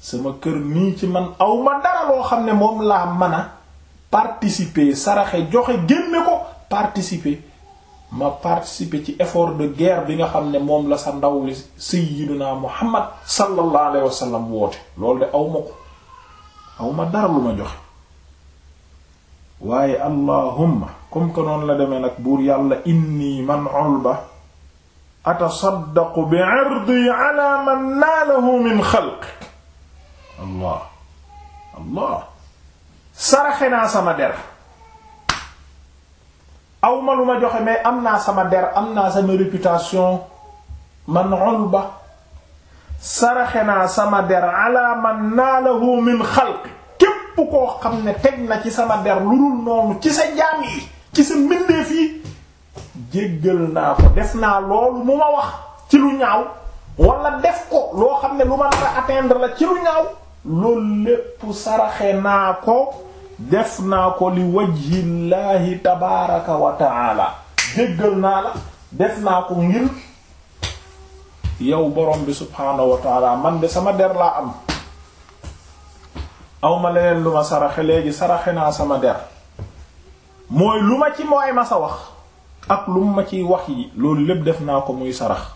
sama kër nii ci man aw ma dara loo xam ne moom laa mën a participer saraxe joxe génne ko participer ma participer ci effort de guerre bi nga xam ne moom la sa ndaw li sayyiduna Muhammad sallallahu alayhi wa sallam woote loolu de aw ma ko aw ma dara lu ma joxe waaye allahumma comme que noonu la demee nag buur yàlla inni man ulba atasaddaqu bi irdi ala man naalahu min xalq allah allah saraxe naa sama der aw ma lu ma joxe mais am naa sama der am naa sama réputation man ulba saraxe naa sama der ala man naalahu min xalq képp koo xam ne teg na ci sama der lu dul noonu ci sa jaam yi ci sa mbindeef yi jéggal naa ko def naa loolu mu ma wax ci lu ñaaw wala def ko loo xam ne lu ma nar a atteindre la ci lu ñaaw loolu lépp saraxe naa ko def naa ko li wajhillaahi tabaaraka wa taala jéggal naa la def naa ko ngir yow borom bi subhaanahu wa man de sama der laa am awma leneen lu ma saraxe léegi saraxe naa sama der mooy lu ma ci mooy ma sa wax ak lu ma ciy wax yi loolu lépp def naa ko muy sarax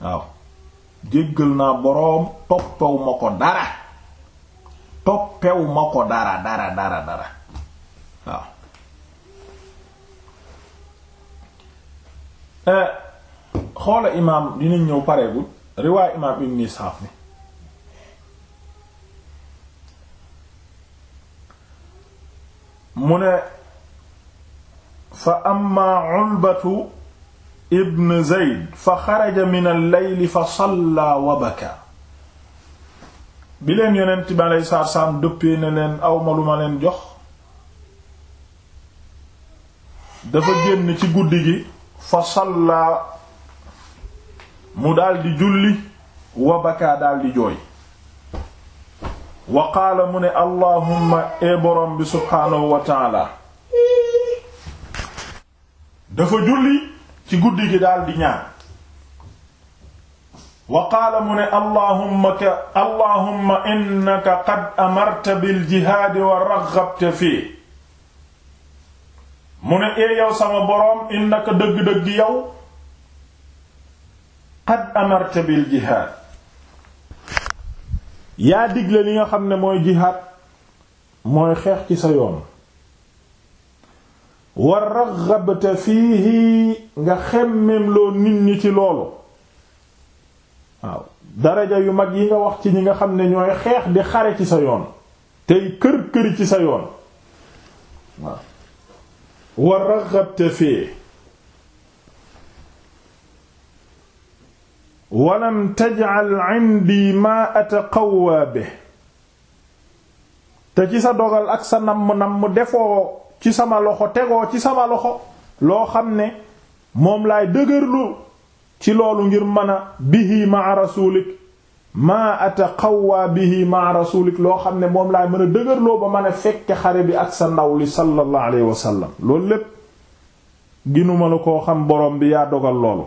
waaw jéggal naa boroom toppaw ma ko dara toppew ma ko dara dara dara dara waaw eh, xoola imaam dinañ ñëw pareegul riwaay imaam ibn Isxaaq bi mu ne fa amma Ulbatu ibn Zayd fa xaraja min al fa salla wa baka bi leen yonent bi aleyhi salaatu salaam dëppee ne leen awma lu ma leen jox dafa génn ci guddi gi fa sallaa mu daldi julli wa bakaa daldi jooy wa qaala mu ne allahumma ee borom bi subhaanahu wa taala dafa julli ci guddi gi daldi ñaan wa qaala mu ne allahumma ka allahumma innaka qad amarta bil jihaadi wa raxabta fii mu ne ee yow sama boroom innaka dëgg-dëgg yow qad amarta bil jihaad yaa digle li nga xam ne mooy jihaad mooy xeex ci sa yoon wa raxabta fiihi nga xemmem loo nit ñi ci loolu waaw daraja yu mag yi nga wax ci ñi nga xam ne ñooy xeex bi xare ci sa yoon tey kër këri ci sa yoon waaw wa raxabte fii walam tajal indi ma bi te ci sa dogal ak sa namm-namm defoo ci sama loxo tegoo ci sama loxo loo xam ne moom laay dëgërlu ci loolu ngir mën a bihi maa rasulik maa ataqawwa bihi maa rasulik loo xam ne moom laay mën a dëgërloo ba mën a fekke xare bi ak sa ndaw li sallallahu alayhi wa loolu lépp ginuma la koo xam borom bi yaa dogal loolu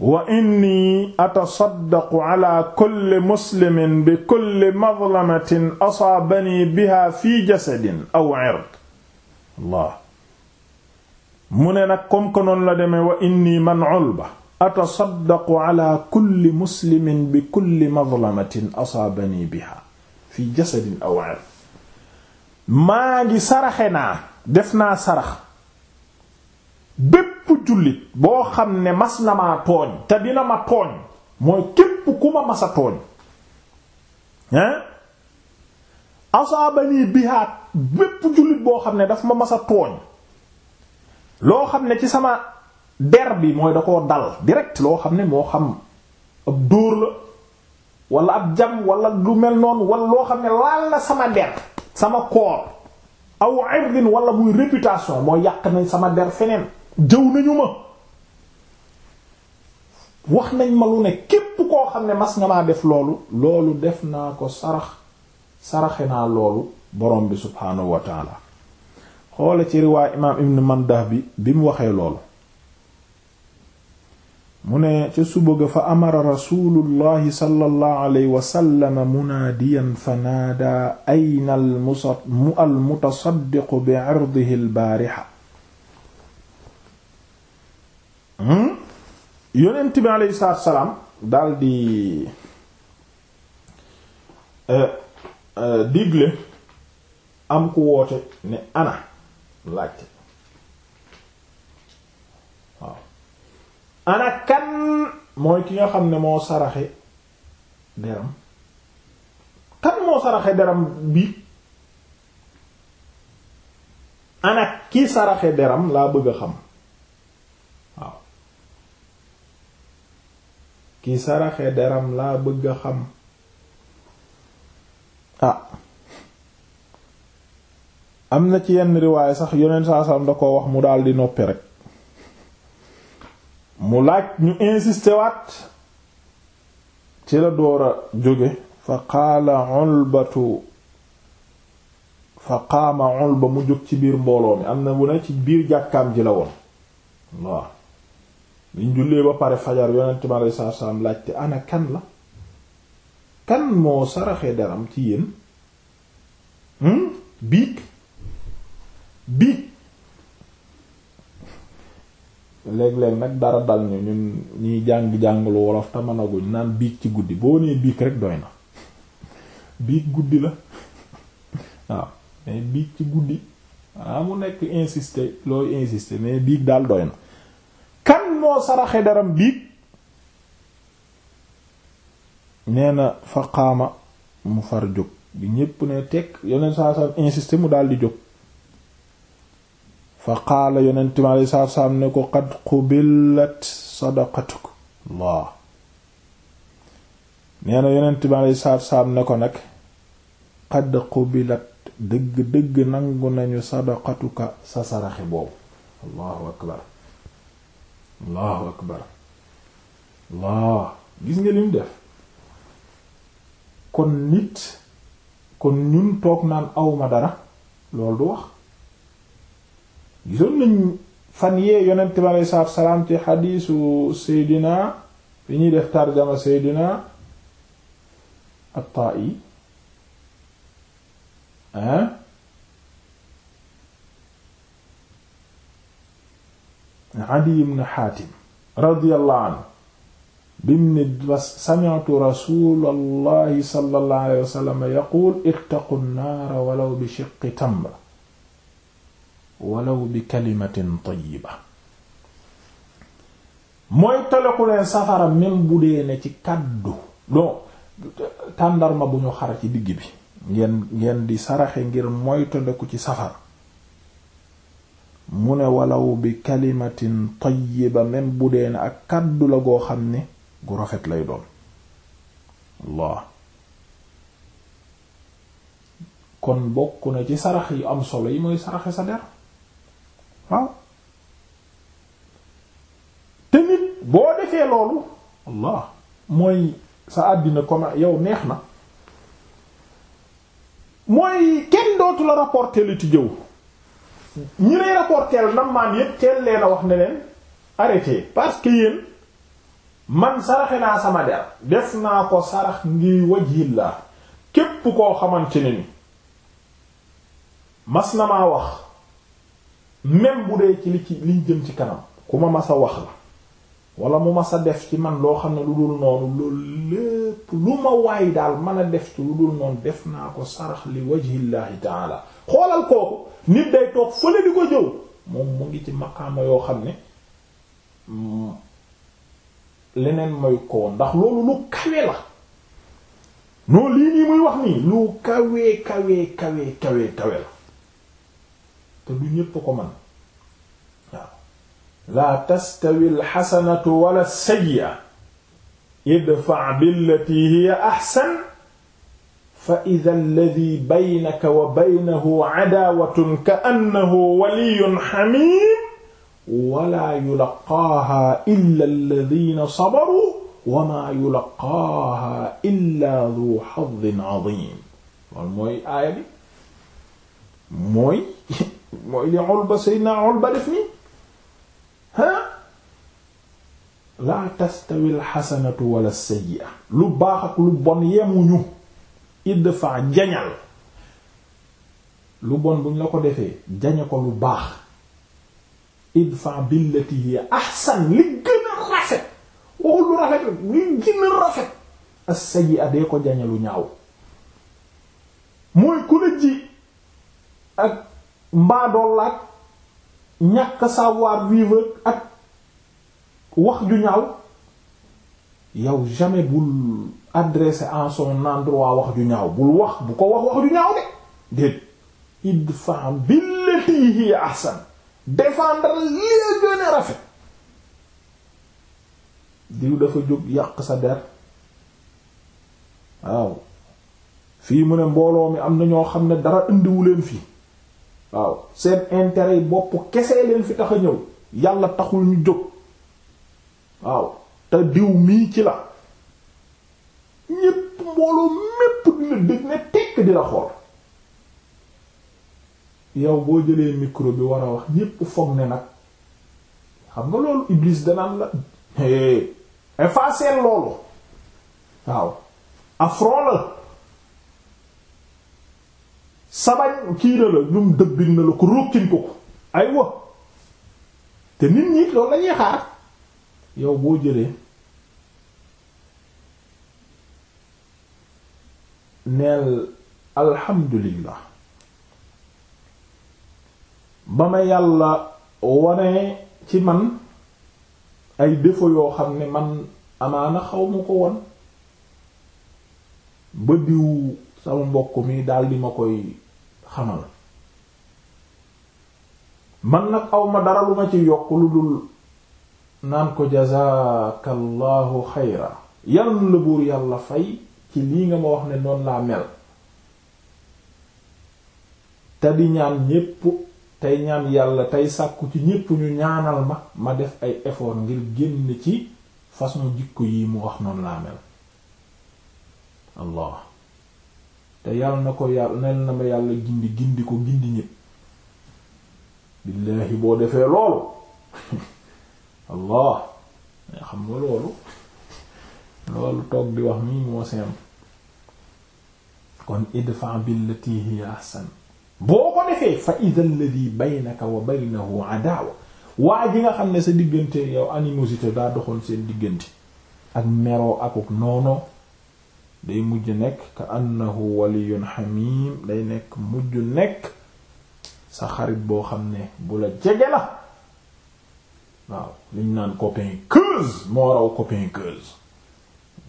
wa inni atasaddaqu ala kulli muslimin bi kulli madlamatin asaabani biha fi jasadin aw ird mu ne nag comme que noonu la demee wa inni man ulba atasaddaqu ala kulli muslimin bi kulli madlamatin asaabani biha fi jasadin aw maa ngi saraxe naa def naa sarax bépp jullit boo xam ne mas na maa tooñ te dina ma tooñ mooy képp ku ma masa tooñ asaabani biha bépp jullit boo xam ne daf ma masa tooñ loo xam ne ci sama der bi mooy da koo dal direct loo xam ne moo xam ab dóor la wala ab jam wala lu mel noonu wala loo xam ne laal na sama der sama koor aw irdin wala muy réputation mooy yàq nañ sama der feneen jëw nañu ma wax nañ ma lu ne képp koo xam ne mas nga maa def loolu loolu def naa ko sarax saraxe naa loolu borom bi subhaanahu wa xoola ci riwaay imaam ibn mandah bi bi mu waxee loolu mu ne ca suba ga fa amara rasulullahi sallallahu alayhi fa naadaa ayna almutasaddiqu bi irdihi albaarixa hmm? yonent bi aleyhi salaatu daldi eh, eh, digle am ku woote ne ana laajte waaw ana kan mooy ki nga xam ne moo saraxe deram kan moo saraxe deram bi ana ki saraxe deram laa bëgg a xam waaw ki saraxe deram laa bëgg a xam ah am na ci yenn riwaay sax yonent saa salaam wax mu daal di noppi rek mu laaj ñu insister waat ci la door a jóge fa qaala ulbatu fa qaama ulba mu jóg ci biir mbooloo mi am na mu ne ci biir jàkkaam ji la woon waaw liñ jullee ba pare fajar yonent mi aleyhi salaatu salaam laajte ana kan la kan moo saraxee daram ci yéen hmm? biig bi léeg-léeg nag dara dal ñu ñun ñuy jàng-jàng lu wolof te mënaguñ naan biig ci guddi boo nee biig rek doy na biig guddi la waaw mais biig ci guddi waaw ah, mu nekk insister looy insister mais biig daal doy na kan moo saraxe daram biig nee na fa qaama mu far jóg bi ñépp ne tek yeneen saa saa insister mu daal di jóg fa qaala yonent mi alayhi salaatu salaam ne ko qad qubilat sadaqatuk Allah nee na yonent mi alayhi salaatu salaam ne ko nag qad qubilat dëgg dëgg nangu nañu sadaqatuka sa saraxe boobu allahu akbar allahu akbar allah gis nga lim def kon nit kon ñun toog naan awma dara loolu du wax gisoon nañ fan yee yonent bi aleyhi salaatu salaam ci xadiisu Seydina bi ñuy def tarjama Seydina at-Taa'i hein Adi ibn Haatim radiyallahu anhu bim ne sami'tu rasuulallahi sallallahu alayhi wa sallam yaquul ittaqu nnaara walaw bi shiqqi tamra walaw bi kalimatin tayyiba mooy teleku leen safara même bu dee ne ci kàddu tàndarma bu ñu xara ci digg bi ngeen ngeen di saraxe ngir moytandiku ci safara mu ne walaw bi kalimatin tayyiba même bu dee ne ak kàddu la goo xam ni gu rafet lay doon Allah kon bokk na ci sarax yu am solo yi mooy saraxe sa der waaw te nit boo defee loolu allah mooy sa àddina comme yow neex na mooy kenn dootu la rapporter li ci jëw ñi lay rapporter nam maan yépp teel leen a wax ne leen arrêté parce que yéen man saraxe naa sama der def naa ko sarax ngir wajhillah képp koo xamante ne ni mas na maa wax même bu dee ci li ci liñ jëm ci kanam ku ma masa wax la wala mu masa def ci man loo xam ne lu dul noonu loolu lépp lu ma waay daal mën a def ci lu dul noonu def naa ko sarax li wajhillahi taala xoolal kooku nit day toog fële di ko jëw moom mu ngi ci maqaama yoo xam ne mm, leneen mooy ko ndax loolu lu kawe la non lii nii muy wax nii lu kawe kawe kawe kawe kawe la te du ñépp ko man waaw laa tastawi alxasanatu wala sayyi'a idfa billati hiya ahsan fa idha alladhi baynaka wa baynahu adaawatun ka'annahu waliyyun hamiim wala yulaqaaha illa alladhina sabaru wama yulaqaaha illa du xadin adim loolu mooy aaya bi mooy mooy li Ulba Seydina Ulba def nii ah laa tastawi alxasanatu wala sayyi'a lu baax ak lu bon yemuñu idfa jañal lu bon buñ la ko defee jañe ko lu baax idfa billati hiya ahsan li gën a rafet waxul lu rafet li gën a rafet as-sayyi'a dee ko jañe ñaaw mooy ku la ji ak mbaadool laaj ñàkk savoir vivre ak wax ju ñaaw yow jamais bul adresser en son endroit wax ju ñaaw bul wax bu ko wax wax ju ñaaw de déet idfa billati hi ahsan défendre li gën a rafet diw dafa jóg yàq sa der waaw fii mu ne mbooloo mi am na ñoo xam ne dara indiwu leen fii waaw seen intérêt yi bopp kese leen fi tax a ñëw yàlla taxul ñu jóg waaw te diw mii ci la ñépp mbooloo mépp dina dégg ne tekk di xool yow boo jëlee micro bi war a wax ñépp foog ne nag xam nga loolu Iblis danaan la seen loolu waaw affront la sabañ kii na la ñum dëbbin na la ko rokkin ko ko ay wa te nit ñi loolu lañuy xaar yow boo jëlee neel alhamdulillah ba ma yàlla wane ci man ay défaut yoo xam ne man amaana xaw ma ko woon ba diw sama mbokk mi daldi ma koy xamal man nag awma dara lu ma ci yokk lu dul naan ko jazakallahu xayra yal la buur yàlla fay ci lii nga ma wax ne noonu laa mel te di ñaan ñépp tey ñaan yàlla tey sàkku ci ñépp ñu ñaanal ma ma def ay effort ngir génn ci façon jikko yi mu wax noon laa mel allah te yal na ko yàlla nel na ma yàlla gindi gindi ko gindi ñépp billaahi boo defee loolu allah mais xam nga loolu loolu toog di wax nii moo seen kon idfa billati hiya ahsan boo ko defee fa idha alladhi baynaka wa baynahu adawa waa ji nga xam ne sa diggante yow animosité daa doxoon seen diggante ak meroo akuk noono day mujj nekk ka annahu waliyun xamim day nekk mujj nekk sa xarit boo xam ne bu la jege la waaw liñ naan copain queuse moo raw copain queuse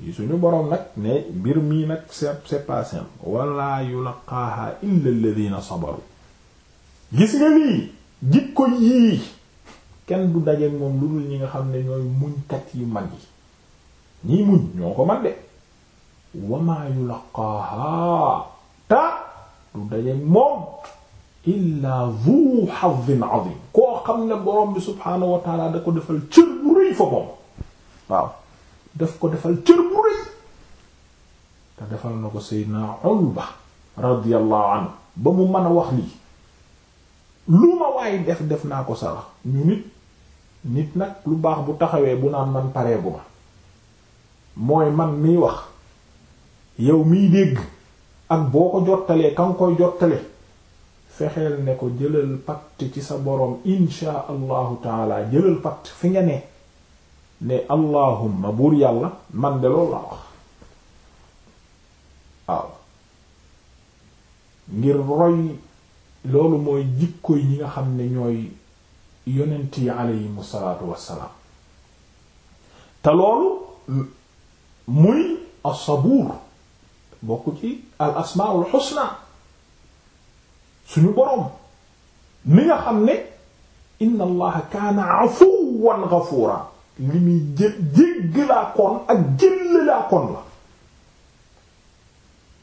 yi suñu boroom nag ne mbir mii nag c'est pas simple la yulaqaaha illa alladhina sabaru gis nga lii jikko yii kenn du dajeek moom lu dul ñi nga xam ne ñooy muñkat yu mag yi ñii muñ ñoo ko man de wamaa yulaqaaha ta du daje moom illaa zu hazin azim koo xam ne borom bi subhaanahu wa da ko defal cër bu rëy fa moom waaw daf ko defal cër bu rëy te defal na ko Seydina Ulba mu mën a wax lii def naa ko sarax ñu nit nit nag lu baax bu taxawee bu naan man paree bu ma mooy man miy wax yow miy dégg ak boo ko jottalee ka nga koy jottale fexeel ne ko jëlal patt ci sa borom insha allahu taala jëlal patt fi nga ne ne allahumma buur yàlla man de loolu la wax waaw ngir roy loolu mooy jikko yi nga xam ne ñooy yonent yi aleyhimu salaatu wassalaam te loolu muy asabuur bokk ci al asmaul husna suñu boroom mi nga xam ne inna allaha kaana afuwan ghafuura li muy jé jégg laa koon ak jël laa koon la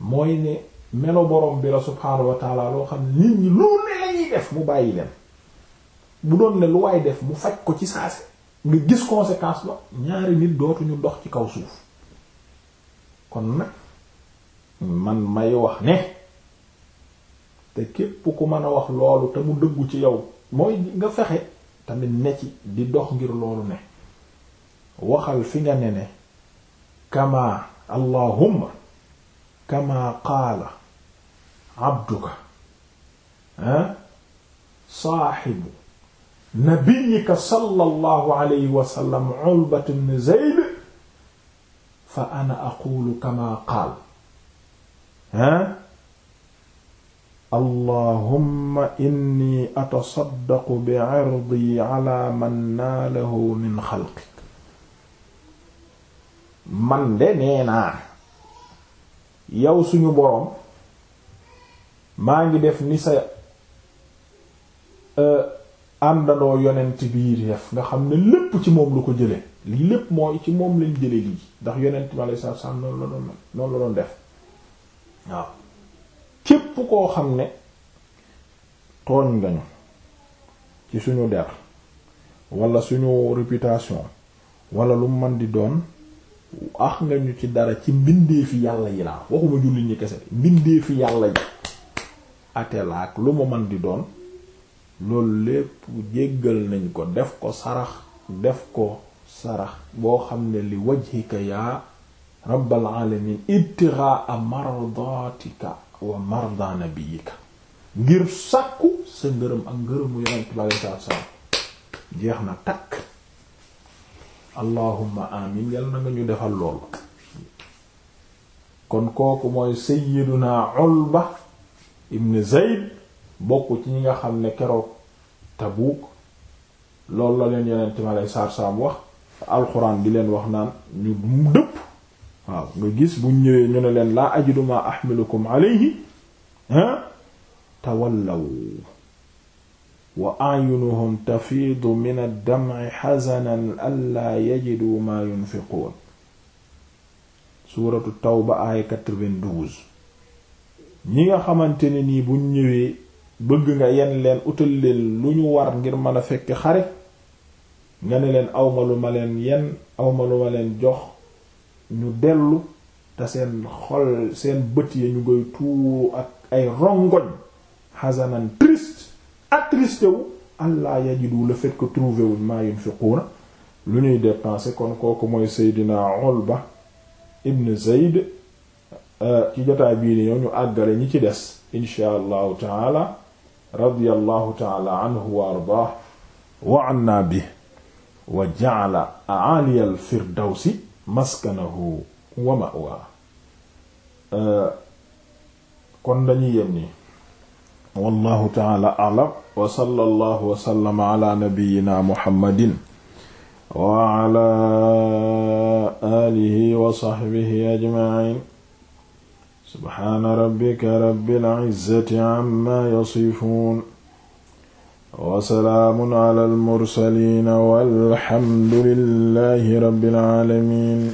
mooy ne melo boroom bi la subhaanahu wa loo xam nit ñi lu ne lañuy def mu bàyyi leen bu doon ne lu waay def mu faj ko ci saase nga gis conséquence ba ñaari nit dootuñu dox ci kaw suuf kon nag man may wax ne te képp ku mën a wax loolu te mu dëggu ci yow mooy nga fexe tamit ne ci di dox ngir loolu ne waxal fi nga ne ne kama allahumma kama qaala abduka ah saaxibu nabiyika sallallahu alayhi wa sallam ulbat ibn zayd fa ana aqulu kama qaala ah allahumma inni atasaddaqu bi irdi ala man naalahu min xalqik man de nee naa yow suñu boroom maa ngi def ni sa euh, àndandoo yonent bii def nga xam ne lépp ci moom lu ko jële lii lépp mooy ci moom lañ jële lii ndax yonent bi alayhi salaatu wa salaam la doon noonu la doon def waaw képp koo xam ne ton nga ñu ci suñu der walla suñu réputation wala lu man di doon ax nga ñu ci dara ci mbindeefi yàlla yi laa waxuma julli ñi kese mbindeefi yàlla yi atelaak lu mu man di doon loolu lépp jéggal nañ ko def ko sarax def ko sarax boo xam ne li wajhika yaa rabbal alamin ibtiraa mardatika wa marda nabiyika ngir sàkku sa ngërëm ak ngërëmu yonent bi alei saatu salaam jeex na takk allahumma amin yàlla na nga ñu defal loolu kon kooku mooy sayyiduna Ulba ibn Zayd bokk ci ñi nga xam ne keroog Tabuuk loolu la leen yonent bi alei saatu salaam wax alxuraan di leen wax naan ñu dëpp waaw nga gis buñ ñëwee ñu ne leen laa ajidu ma ahmilukum alayhi tawallaw wa ayunuhum tafiidu min ad-dam'i hazanan allaa yajidu ma yunfiqun suuratu tawba aaya 92 ñi nga xamante ne nii buñ ñëwee bëgg nga yen leen utal leen lu ñu war ngir mën a fekk xare nga ne leen awma lu ma leen yen awma lu ma leen jox ñu dellu te seen xol bët ya ñu koy tuur ak ay rongoñ xasanan triste attristé wu allah yajidu le fait que trouvé yunfiquuna lu ñuy dépensé kon kooku mooy Seydina Ulba ibn Zayd euh, ci jotaay bii ni ñu àggale ñi ci des insha allahu taala radiyallahu taala anhu wa ardah wa anna bi wa ja'ala a'ali firdawsi maskanahu wa ma'wa euh, kon dañuy yem ni wallahu ta'ala a'lam wa sallallahu wa sallama ala nabiyyina muhammadin wa ala alihi wa sahbihi ajma'in subhana rabbika rabbil izzati amma yasifun wasalaamun ala almursaliin walhamdulillahi rabbil aalamiin